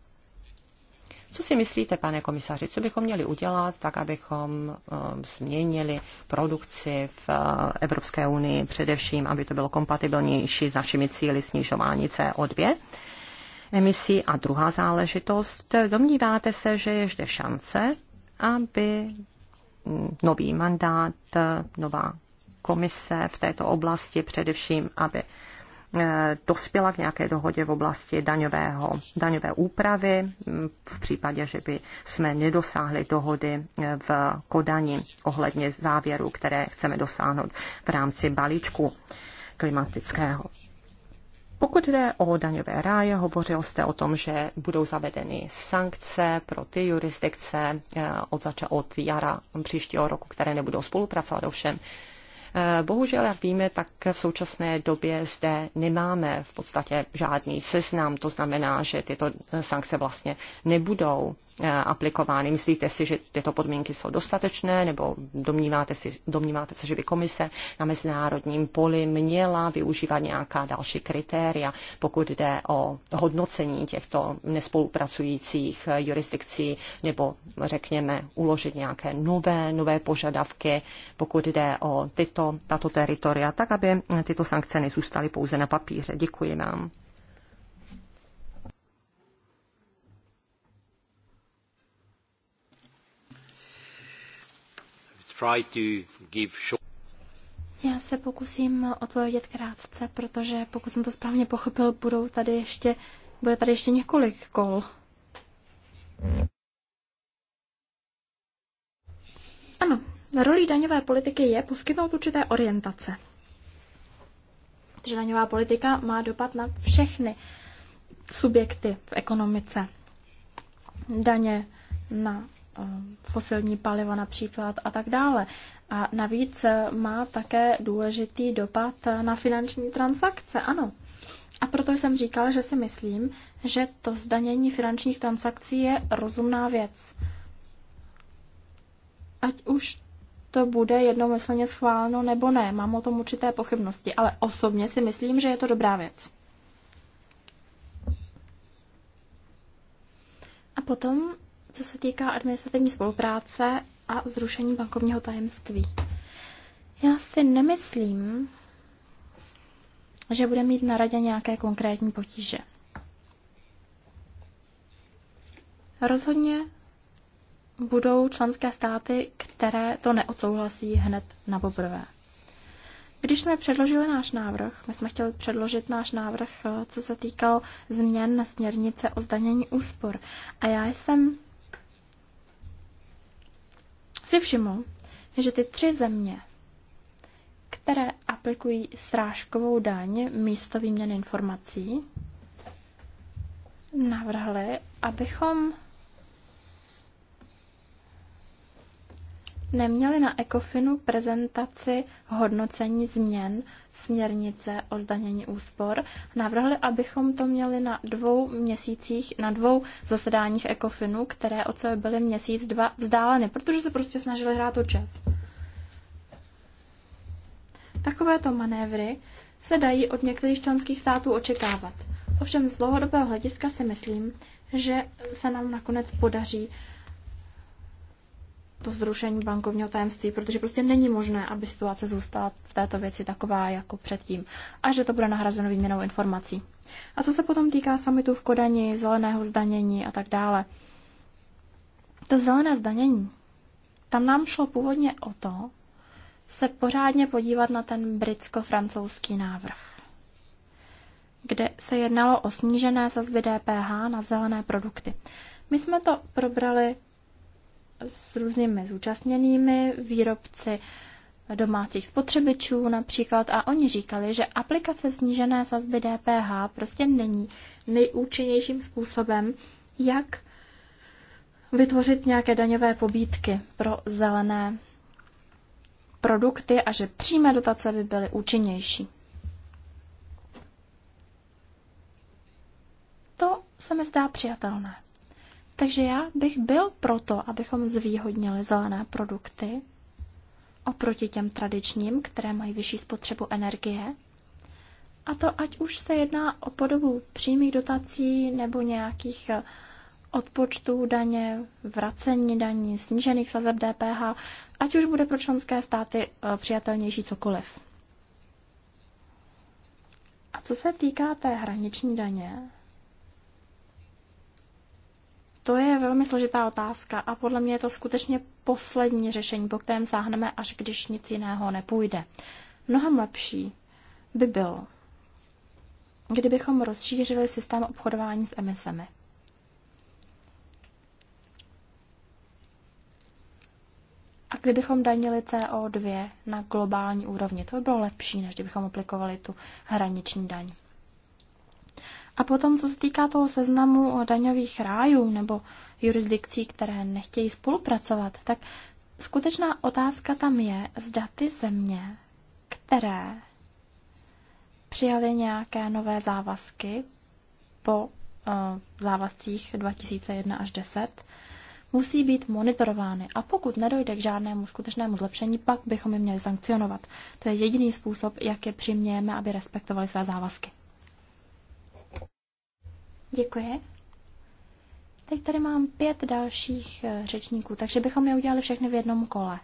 co si myslíte, pane komisaři, co bychom měli udělat, tak abychom um, změnili produkci v uh, Evropské unii, především, aby to bylo kompatibilnější s našimi cíly snižování CO2? emisí. A druhá záležitost, domníváte se, že je zde šance, aby mm, nový mandát, uh, nová komise v této oblasti, především aby Eh, dospěla k nějaké dohodě v oblasti daňového, daňové úpravy mm, v případě, že by jsme nedosáhli dohody eh, v Kodani ohledně závěru, které chceme dosáhnout v rámci balíčku klimatického. Pokud jde o daňové ráje, hovořil jste o tom, že budou zavedeny sankce pro ty jurisdikce eh, od, zača- od jara příštího roku, které nebudou spolupracovat ovšem Bohužel, jak víme, tak v současné době zde nemáme v podstatě žádný seznam. To znamená, že tyto sankce vlastně nebudou eh, aplikovány. Myslíte si, že tyto podmínky jsou dostatečné, nebo domníváte, si, domníváte se, že by komise na mezinárodním poli měla využívat nějaká další kritéria, pokud jde o hodnocení těchto nespolupracujících eh, jurisdikcí, nebo řekněme uložit nějaké nové, nové požadavky, pokud jde o tyto tato teritoria, tak aby tyto sankce nezůstaly pouze na papíře. Děkuji vám. Já se pokusím odpovědět krátce, protože pokud jsem to správně pochopil, budou tady ještě, bude tady ještě několik kol. Ano, rolí daňové politiky je poskytnout určité orientace. Takže daňová politika má dopad na všechny subjekty v ekonomice. Daně na eh, fosilní paliva například a tak dále. A navíc eh, má také důležitý dopad eh, na finanční transakce, ano. A proto jsem říkal, že si myslím, že to zdanění finančních transakcí je rozumná věc. Ať už to bude jednomyslně schváleno nebo ne. Mám o tom určité pochybnosti, ale osobně si myslím, že je to dobrá věc. A potom, co se týká administrativní spolupráce a zrušení bankovního tajemství. Já si nemyslím, že bude mít na radě nějaké konkrétní potíže. Rozhodně budou členské státy, které to neodsouhlasí hned na poprvé. Když jsme předložili náš návrh, my jsme chtěli předložit náš návrh, eh, co se týkalo změn na směrnice o zdanění úspor. A já jsem si všiml, že ty tři země, které aplikují srážkovou daň místo výměny informací, navrhly, abychom neměli na ECOFINu prezentaci hodnocení změn směrnice o zdanění úspor. Navrhli, abychom to měli na dvou měsících, na dvou zasedáních ECOFINu, které od sebe byly měsíc, dva vzdáleny, protože se prostě snažili hrát o čas. Takovéto manévry se dají od některých členských států očekávat. Ovšem z dlouhodobého hlediska si myslím, že se nám nakonec podaří to zrušení bankovního tajemství, protože prostě není možné, aby situace zůstala v této věci taková jako předtím a že to bude nahrazeno výměnou informací. A co se potom týká samitu v Kodani, zeleného zdanění a tak dále. To zelené zdanění, tam nám šlo původně o to, se pořádně podívat na ten britsko-francouzský návrh, kde se jednalo o snížené sazby DPH na zelené produkty. My jsme to probrali s různými zúčastněnými výrobci domácích spotřebičů například a oni říkali, že aplikace snížené sazby DPH prostě není nejúčinnějším způsobem, jak vytvořit nějaké daňové pobídky pro zelené produkty a že přímé dotace by byly účinnější. To se mi zdá přijatelné. Takže já bych byl proto, abychom zvýhodnili zelené produkty oproti těm tradičním, které mají vyšší spotřebu energie. A to ať už se jedná o podobu přímých dotací nebo nějakých eh, odpočtů daně, vracení daní, snížených sazeb DPH, ať už bude pro členské státy eh, přijatelnější cokoliv. A co se týká té hraniční daně, to je velmi složitá otázka a podle mě je to skutečně poslední řešení, po kterém sáhneme, až když nic jiného nepůjde. Mnohem lepší by bylo, kdybychom rozšířili systém obchodování s emisemi. A kdybychom danili CO2 na globální úrovni, to by bylo lepší, než kdybychom aplikovali tu hraniční daň. A potom, co se týká toho seznamu o daňových rájů nebo jurisdikcí, které nechtějí spolupracovat, tak skutečná otázka tam je, zda ty země, které přijaly nějaké nové závazky po uh, závazcích 2001 až 10, musí být monitorovány a pokud nedojde k žádnému skutečnému zlepšení, pak bychom je měli sankcionovat. To je jediný způsob, jak je přimějeme, aby respektovali své závazky. Děkuji. Teď tady mám pět dalších eh, řečníků, takže bychom je udělali všechny v jednom kole.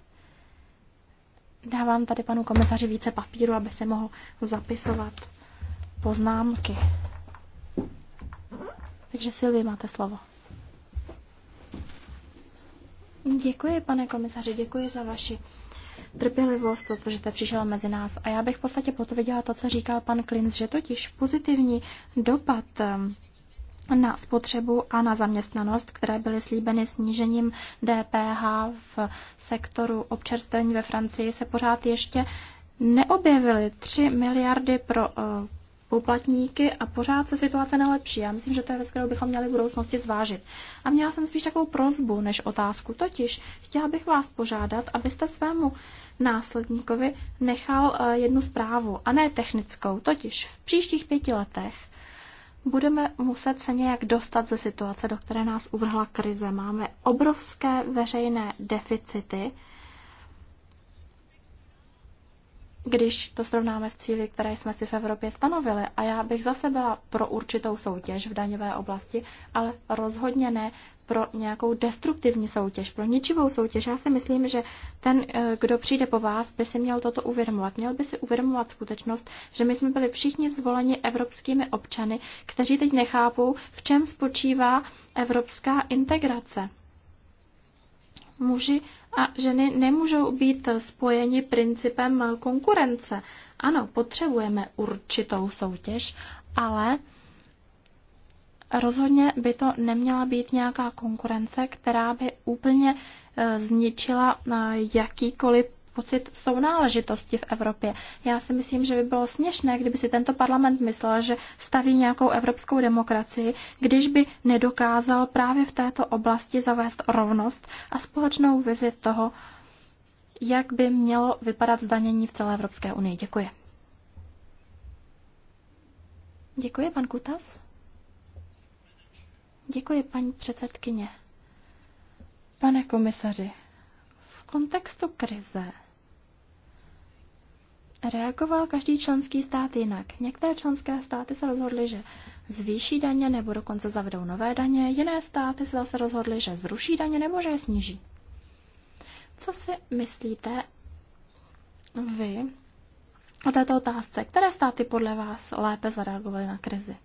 Dávám tady panu komisaři více papíru, aby se mohl zapisovat poznámky. Takže Silvi, máte slovo. Děkuji, pane komisaři, děkuji za vaši trpělivost, to, že jste přišel mezi nás. A já bych v podstatě potvrdila to, co říkal pan Klinz, že totiž pozitivní dopad um, na spotřebu a na zaměstnanost, které byly slíbeny snížením DPH v sektoru občerstvení ve Francii, se pořád ještě neobjevily 3 miliardy pro eh, poplatníky a pořád se situace nelepší. Já myslím, že to je věc, kterou bychom měli v budoucnosti zvážit. A měla jsem spíš takovou prozbu než otázku. Totiž chtěla bych vás požádat, abyste svému následníkovi nechal eh, jednu zprávu, a ne technickou. Totiž v příštích pěti letech budeme muset se nějak dostat ze situace, do které nás uvrhla krize. Máme obrovské veřejné deficity, když to srovnáme s cíly, které jsme si v Evropě stanovili. A já bych zase byla pro určitou soutěž v daňové oblasti, ale rozhodně ne pro nějakou destruktivní soutěž, pro ničivou soutěž. Já si myslím, že ten, eh, kdo přijde po vás, by si měl toto uvědomovat. Měl by si uvědomovat skutečnost, že my jsme byli všichni zvoleni evropskými občany, kteří teď nechápou, v čem spočívá evropská integrace. Muži a ženy nemůžou být spojeni principem konkurence. Ano, potřebujeme určitou soutěž, ale Rozhodně by to neměla být nějaká konkurence, která by úplně e, zničila e, jakýkoliv pocit sounáležitosti v Evropě. Já si myslím, že by bylo směšné, kdyby si tento parlament myslel, že staví nějakou evropskou demokracii, když by nedokázal právě v této oblasti zavést rovnost a společnou vizi toho, jak by mělo vypadat zdanění v celé Evropské unii. Děkuji. Děkuji, pan Kutas. Děkuji, paní předsedkyně. Pane komisaři, v kontextu krize reagoval každý členský stát jinak. Některé členské státy se rozhodly, že zvýší daně nebo dokonce zavedou nové daně, jiné státy se zase rozhodly, že zruší daně nebo že je sníží. Co si myslíte vy o této otázce? Které státy podle vás lépe zareagovaly na krizi?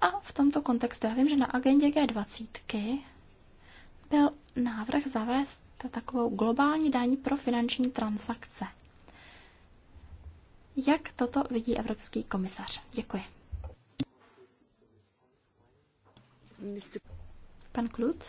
A v tomto kontextu já vím, že na agendě G20 byl návrh zavést takovou globální daň pro finanční transakce. Jak toto vidí Evropský komisař? Děkuji. Pan Klut?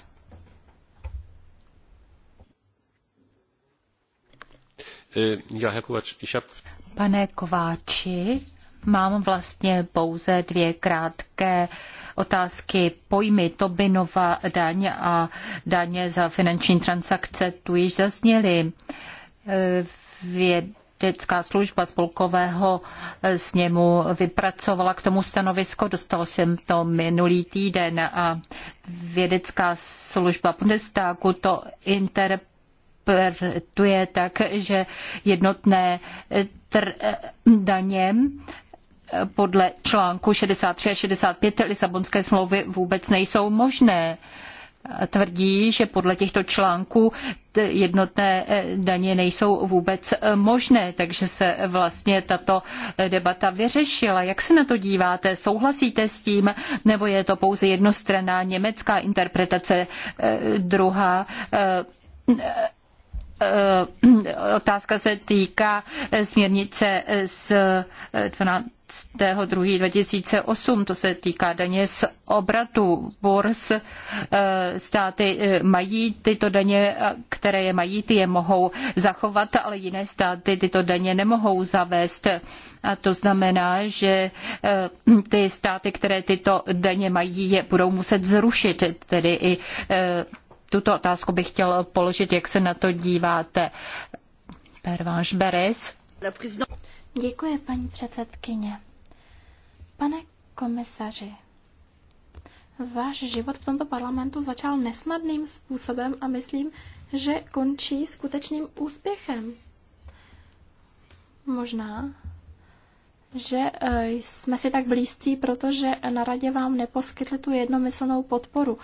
Pane Kováči, Mám vlastně pouze dvě krátké otázky. Pojmy Tobinova daň a daně za finanční transakce tu již zazněly. Vědecká služba spolkového sněmu vypracovala k tomu stanovisko, dostal jsem to minulý týden a vědecká služba Bundestagu to interpretuje tak, že jednotné tr- daně podle článku 63 a 65 Lisabonské smlouvy vůbec nejsou možné. Tvrdí, že podle těchto článků jednotné eh, daně nejsou vůbec eh, možné, takže se vlastně tato eh, debata vyřešila. Jak se na to díváte? Souhlasíte s tím, nebo je to pouze jednostranná německá interpretace? Druhá Eh, otázka se týká eh, směrnice eh, z 12. 2008, to se týká daně z obratu burz. Státy mají tyto daně, které je mají, ty je mohou zachovat, ale jiné státy tyto daně nemohou zavést. A to znamená, že ty státy, které tyto daně mají, je budou muset zrušit, tedy i tuto otázku bych chtěl položit, jak se na to díváte. Pervanš Beres. Děkuji, paní předsedkyně. Pane komisaři, váš život v tomto parlamentu začal nesnadným způsobem a myslím, že končí skutečným úspěchem. Možná, že eh, jsme si tak blízcí, protože na radě vám neposkytli tu jednomyslnou podporu.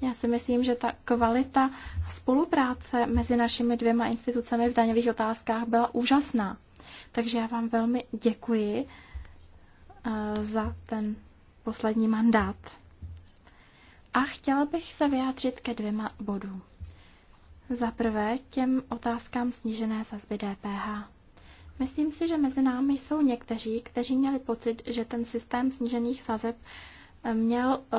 Já si myslím, že ta kvalita spolupráce mezi našimi dvěma institucemi v daňových otázkách byla úžasná. Takže já vám velmi děkuji eh, za ten poslední mandát. A chtěla bych se vyjádřit ke dvěma bodům. Za prvé těm otázkám snížené sazby DPH. Myslím si, že mezi námi jsou někteří, kteří měli pocit, že ten systém snížených sazeb eh, měl eh,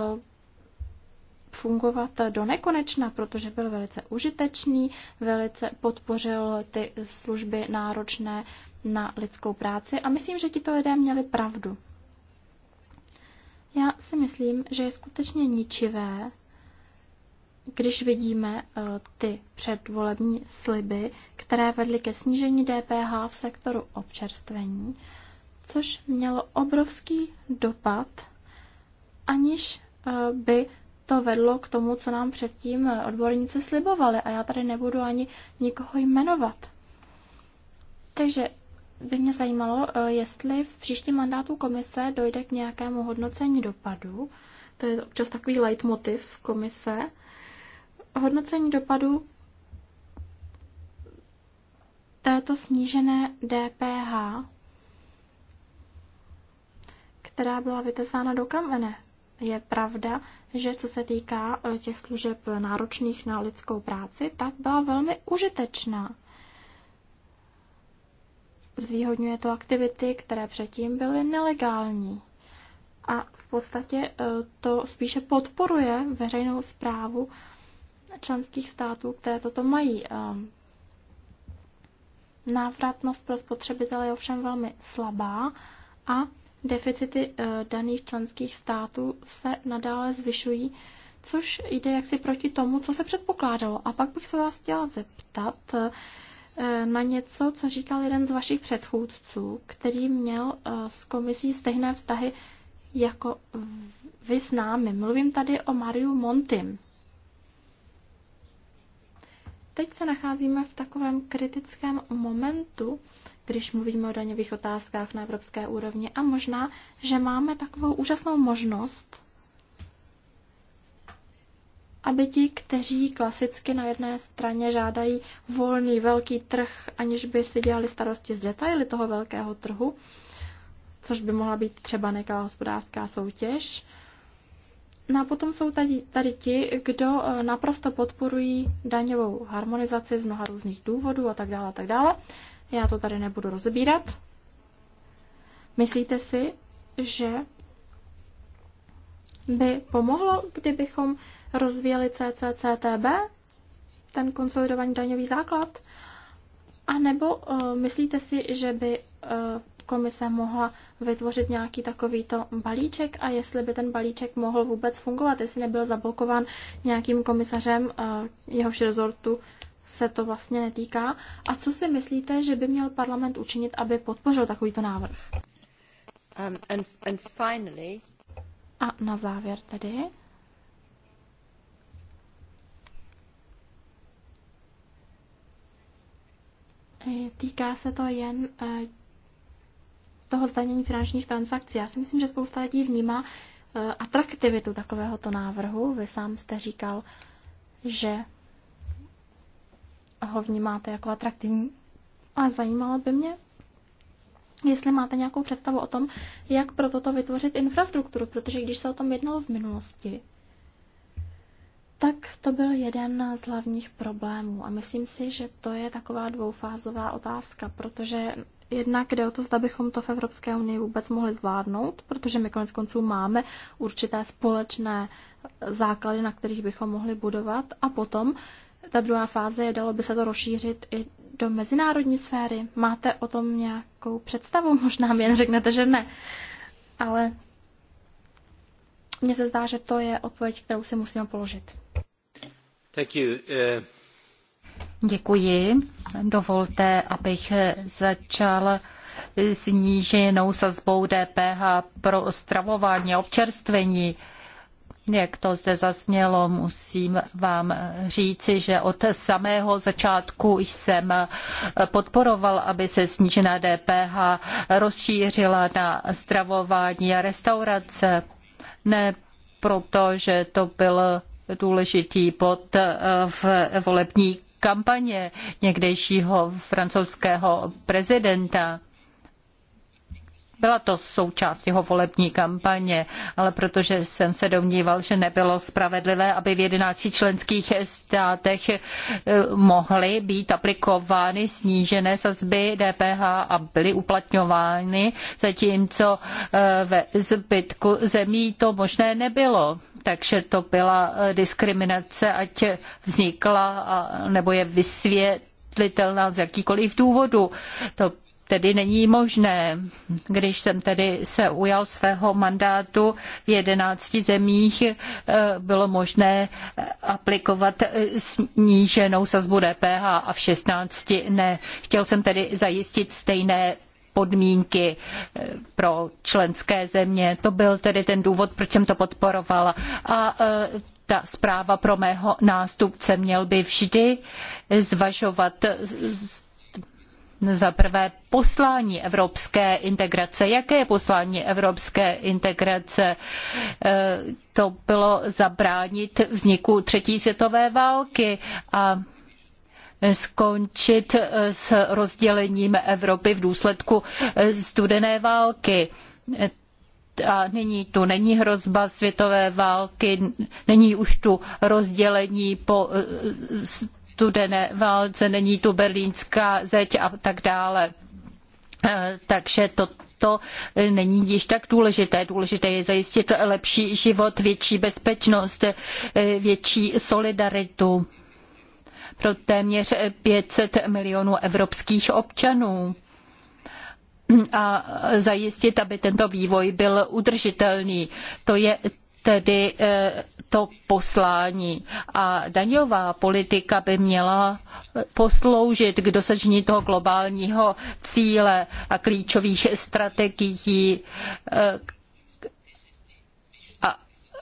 fungovat do nekonečna, protože byl velice užitečný, velice podpořil ty služby náročné na lidskou práci a myslím, že tito lidé měli pravdu. Já si myslím, že je skutečně ničivé, když vidíme eh, ty předvolební sliby, které vedly ke snížení DPH v sektoru občerstvení, což mělo obrovský dopad, aniž eh, by to vedlo k tomu, co nám předtím odborníci slibovali a já tady nebudu ani nikoho jmenovat. Takže by mě zajímalo, eh, jestli v příštím mandátu komise dojde k nějakému hodnocení dopadu, to je občas takový leitmotiv komise, hodnocení dopadu této snížené DPH, která byla vytesána do kamene. Je pravda, že co se týká e, těch služeb náročných na lidskou práci, tak byla velmi užitečná. Zvýhodňuje to aktivity, které předtím byly nelegální. A v podstatě e, to spíše podporuje veřejnou zprávu členských států, které toto mají. E, návratnost pro spotřebitele je ovšem velmi slabá a deficity eh, daných členských států se nadále zvyšují, což jde jaksi proti tomu, co se předpokládalo. A pak bych se vás chtěla zeptat eh, na něco, co říkal jeden z vašich předchůdců, který měl eh, s komisí stejné vztahy jako vy s námi. Mluvím tady o Mariu Montim. Teď se nacházíme v takovém kritickém momentu, když mluvíme o daňových otázkách na evropské úrovni. A možná, že máme takovou úžasnou možnost, aby ti, kteří klasicky na jedné straně žádají volný velký trh, aniž by si dělali starosti z detaily toho velkého trhu, což by mohla být třeba nějaká hospodářská soutěž, No a potom jsou tady, tady ti, kdo eh, naprosto podporují daňovou harmonizaci z mnoha různých důvodů a tak dále a tak dále. Já to tady nebudu rozbírat. Myslíte si, že by pomohlo, kdybychom rozvíjeli CCCTB, ten konsolidovaný daňový základ? A nebo uh, myslíte si, že by uh, komise mohla vytvořit nějaký takovýto balíček a jestli by ten balíček mohl vůbec fungovat, jestli nebyl zablokován nějakým komisařem, uh, jehož rezortu se to vlastně netýká. A co si myslíte, že by měl parlament učinit, aby podpořil takovýto návrh? Um, and, and finally... A na závěr tedy. E, týká se to jen e, toho zdanění finančních transakcí. Já si myslím, že spousta lidí vnímá e, atraktivitu takovéhoto návrhu. Vy sám jste říkal, že ho vnímáte jako atraktivní. A zajímalo by mě, jestli máte nějakou představu o tom, jak pro toto vytvořit infrastrukturu, protože když se o tom jednalo v minulosti, tak to byl jeden z hlavních problémů. A myslím si, že to je taková dvoufázová otázka, protože jednak jde o to, zda bychom to v Evropské unii vůbec mohli zvládnout, protože my konec konců máme určité společné základy, na kterých bychom mohli budovat. A potom ta druhá fáze je, dalo by se to rozšířit i do mezinárodní sféry. Máte o tom nějakou představu? Možná mi jen řeknete, že ne. Ale mně se zdá, že to je odpověď, kterou si musíme položit. Thank you. Uh... Děkuji. Dovolte, abych začal sníženou sazbou DPH pro stravování a občerstvení. Uh, jak to zde zasnělo, musím vám říci, že od samého začátku jsem podporoval, aby se snížená DPH rozšířila na stravování a restaurace. Ne proto, že to byl důležitý bod v volební kampaně někdejšího francouzského prezidenta byla to součást jeho volební kampaně, ale protože jsem se domníval, že nebylo spravedlivé, aby v 11 členských státech eh, mohly být aplikovány snížené sazby DPH a byly uplatňovány, zatímco eh, ve zbytku zemí to možné nebylo takže to byla eh, diskriminace, ať vznikla nebo je vysvětlitelná z jakýkoliv důvodu. To tedy není možné. Když jsem tedy se ujal svého mandátu v jedenácti zemích, eh, bylo možné aplikovat eh, sníženou sazbu DPH a v 16 ne. Chtěl jsem tedy zajistit stejné podmínky eh, pro členské země. To byl tedy ten důvod, proč jsem to podporovala. A ta zpráva pro mého nástupce měl by vždy zvažovat za prvé poslání evropské integrace. Jaké je poslání evropské integrace? E, to bylo zabránit vzniku třetí světové války a skončit s rozdělením Evropy v důsledku studené války a nyní tu není hrozba světové války, není už tu rozdělení po studené válce, není tu berlínská zeď a tak dále. Eh, takže to to není již tak důležité. Důležité je zajistit lepší život, větší bezpečnost, eh, větší solidaritu pro téměř 500 milionů evropských občanů a zajistit, aby tento vývoj byl udržitelný. To je tedy eh, to poslání. A daňová politika by měla posloužit k dosažení toho globálního cíle a klíčových strategií, eh,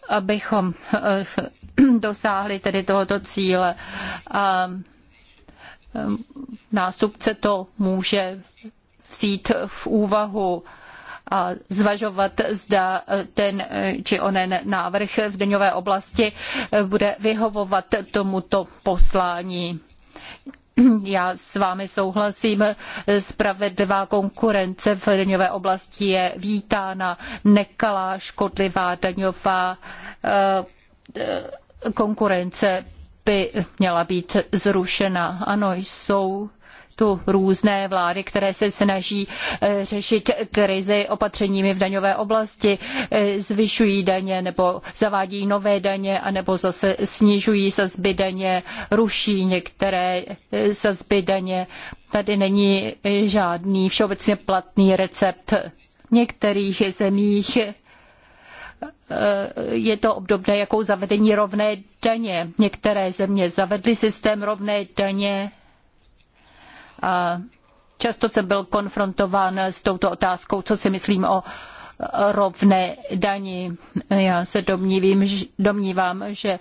abychom eh, dosáhli tedy tohoto cíle. A nástupce to může vzít v úvahu a zvažovat, zda e, ten e, či onen návrh v daňové oblasti e, bude vyhovovat tomuto poslání. Já s vámi souhlasím, spravedlivá konkurence v daňové oblasti je vítána, nekalá, škodlivá daňová konkurence by měla být zrušena. Ano, jsou tu různé vlády, které se snaží eh, řešit krizi opatřeními v daňové oblasti, eh, zvyšují daně nebo zavádějí nové daně, anebo zase snižují sazby daně, ruší některé eh, sazby daně. Tady není žádný všeobecně platný recept. V některých zemích je to obdobné jako zavedení rovné daně. Některé země zavedly systém rovné daně často jsem byl konfrontován s touto otázkou, co si myslím o rovné dani. Já se domnívím, domnívám, že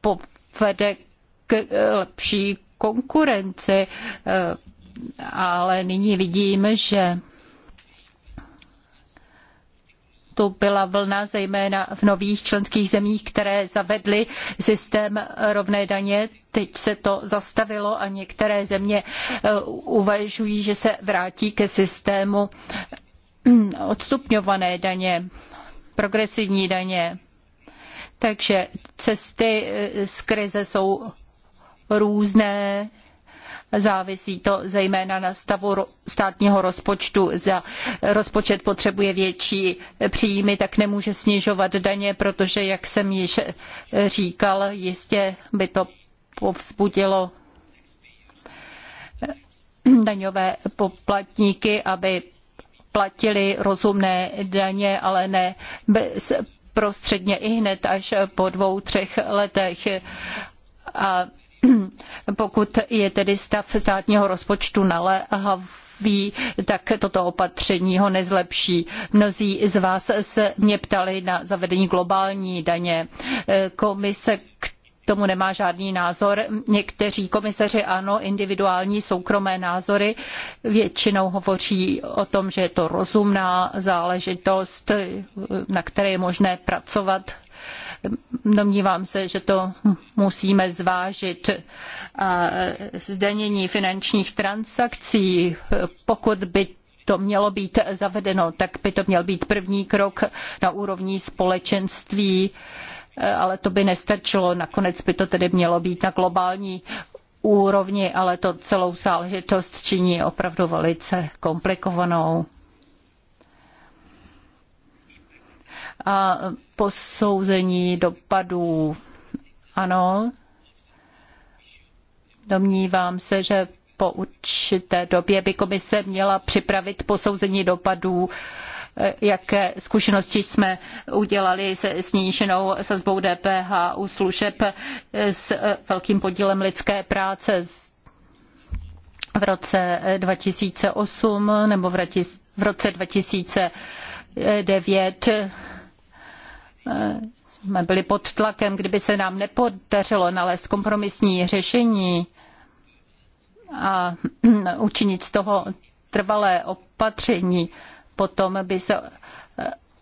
povede k lepší konkurenci, eh, ale nyní vidím, že byla vlna, zejména v nových členských zemích, které zavedly systém rovné daně. Teď se to zastavilo a některé země eh, uvažují, že se vrátí ke systému eh, odstupňované daně, progresivní daně. Takže cesty eh, z krize jsou různé Závisí to zejména na stavu státního rozpočtu. Zda rozpočet potřebuje větší příjmy, tak nemůže snižovat daně, protože, jak jsem již říkal, jistě by to povzbudilo daňové poplatníky, aby platili rozumné daně, ale ne bezprostředně i hned až po dvou, třech letech. A pokud je tedy stav státního rozpočtu naléhavý, tak toto opatření ho nezlepší. Mnozí z vás se mě ptali na zavedení globální daně. Komise k tomu nemá žádný názor. Někteří komisaři ano, individuální soukromé názory většinou hovoří o tom, že je to rozumná záležitost, na které je možné pracovat. Domnívám se, že to musíme zvážit. zdenění zdanění finančních transakcí, pokud by to mělo být zavedeno, tak by to měl být první krok na úrovni společenství, ale to by nestačilo. Nakonec by to tedy mělo být na globální úrovni, ale to celou záležitost činí opravdu velice komplikovanou. a posouzení dopadů. Ano, domnívám se, že po určité době by komise měla připravit posouzení dopadů eh, jaké zkušenosti jsme udělali se sníženou sazbou DPH u služeb eh, s eh, velkým podílem lidské práce v roce 2008 nebo v roce 2009 jsme byli pod tlakem, kdyby se nám nepodařilo nalézt kompromisní řešení a učinit z toho trvalé opatření, potom by se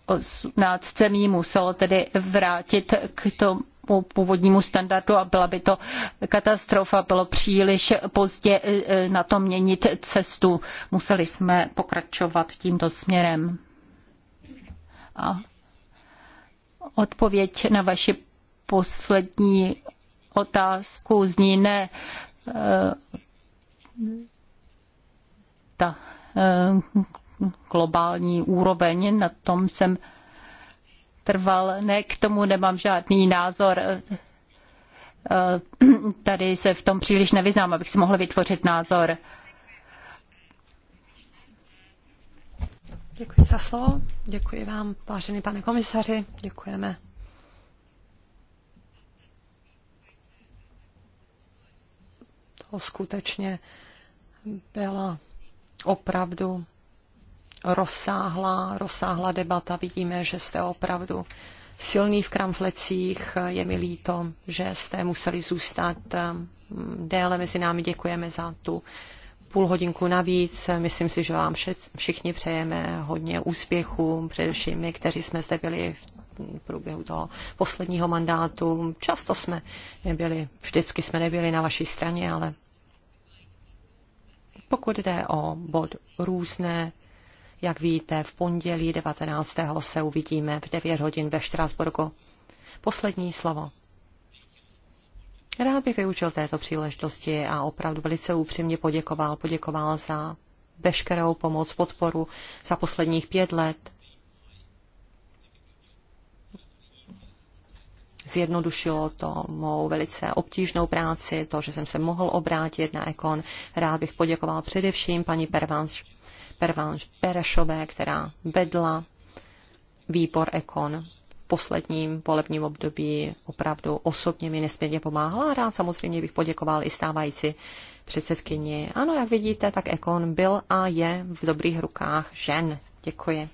18 eh, zemí muselo tedy vrátit k tomu původnímu standardu a byla by to katastrofa. Bylo příliš pozdě eh, eh, na to měnit cestu. Museli jsme pokračovat tímto směrem. A Odpověď na vaši poslední otázku zní ne. Eh, ta eh, globální úroveň, na tom jsem trval. Ne, k tomu nemám žádný názor. Eh, tady se v tom příliš nevyznám, abych si mohl vytvořit názor. Děkuji za slovo. Děkuji vám, vážený pane komisaři. Děkujeme. To skutečně byla opravdu rozsáhlá, rozsáhlá debata. Vidíme, že jste opravdu silný v kramflecích. Je mi líto, že jste museli zůstat um, déle mezi námi. Děkujeme za tu půl hodinku navíc. Myslím si, že vám všichni přejeme hodně úspěchů, především my, kteří jsme zde byli v průběhu toho posledního mandátu. Často jsme nebyli, vždycky jsme nebyli na vaší straně, ale pokud jde o bod různé, jak víte, v pondělí 19. se uvidíme v 9 hodin ve Štrásburgu. Poslední slovo Rád bych vyučil této příležitosti a opravdu velice upřímně poděkoval. Poděkoval za veškerou pomoc, podporu za posledních pět let. Zjednodušilo to mou velice obtížnou práci, to, že jsem se mohl obrátit na Ekon. Rád bych poděkoval především paní Pervanš, Pervanš Perešové, která vedla výbor Ekon posledním volebním období opravdu osobně mi nesmírně pomáhla a rád samozřejmě bych poděkoval i stávající předsedkyni. Ano, jak vidíte, tak Ekon byl a je v dobrých rukách žen. Děkuji.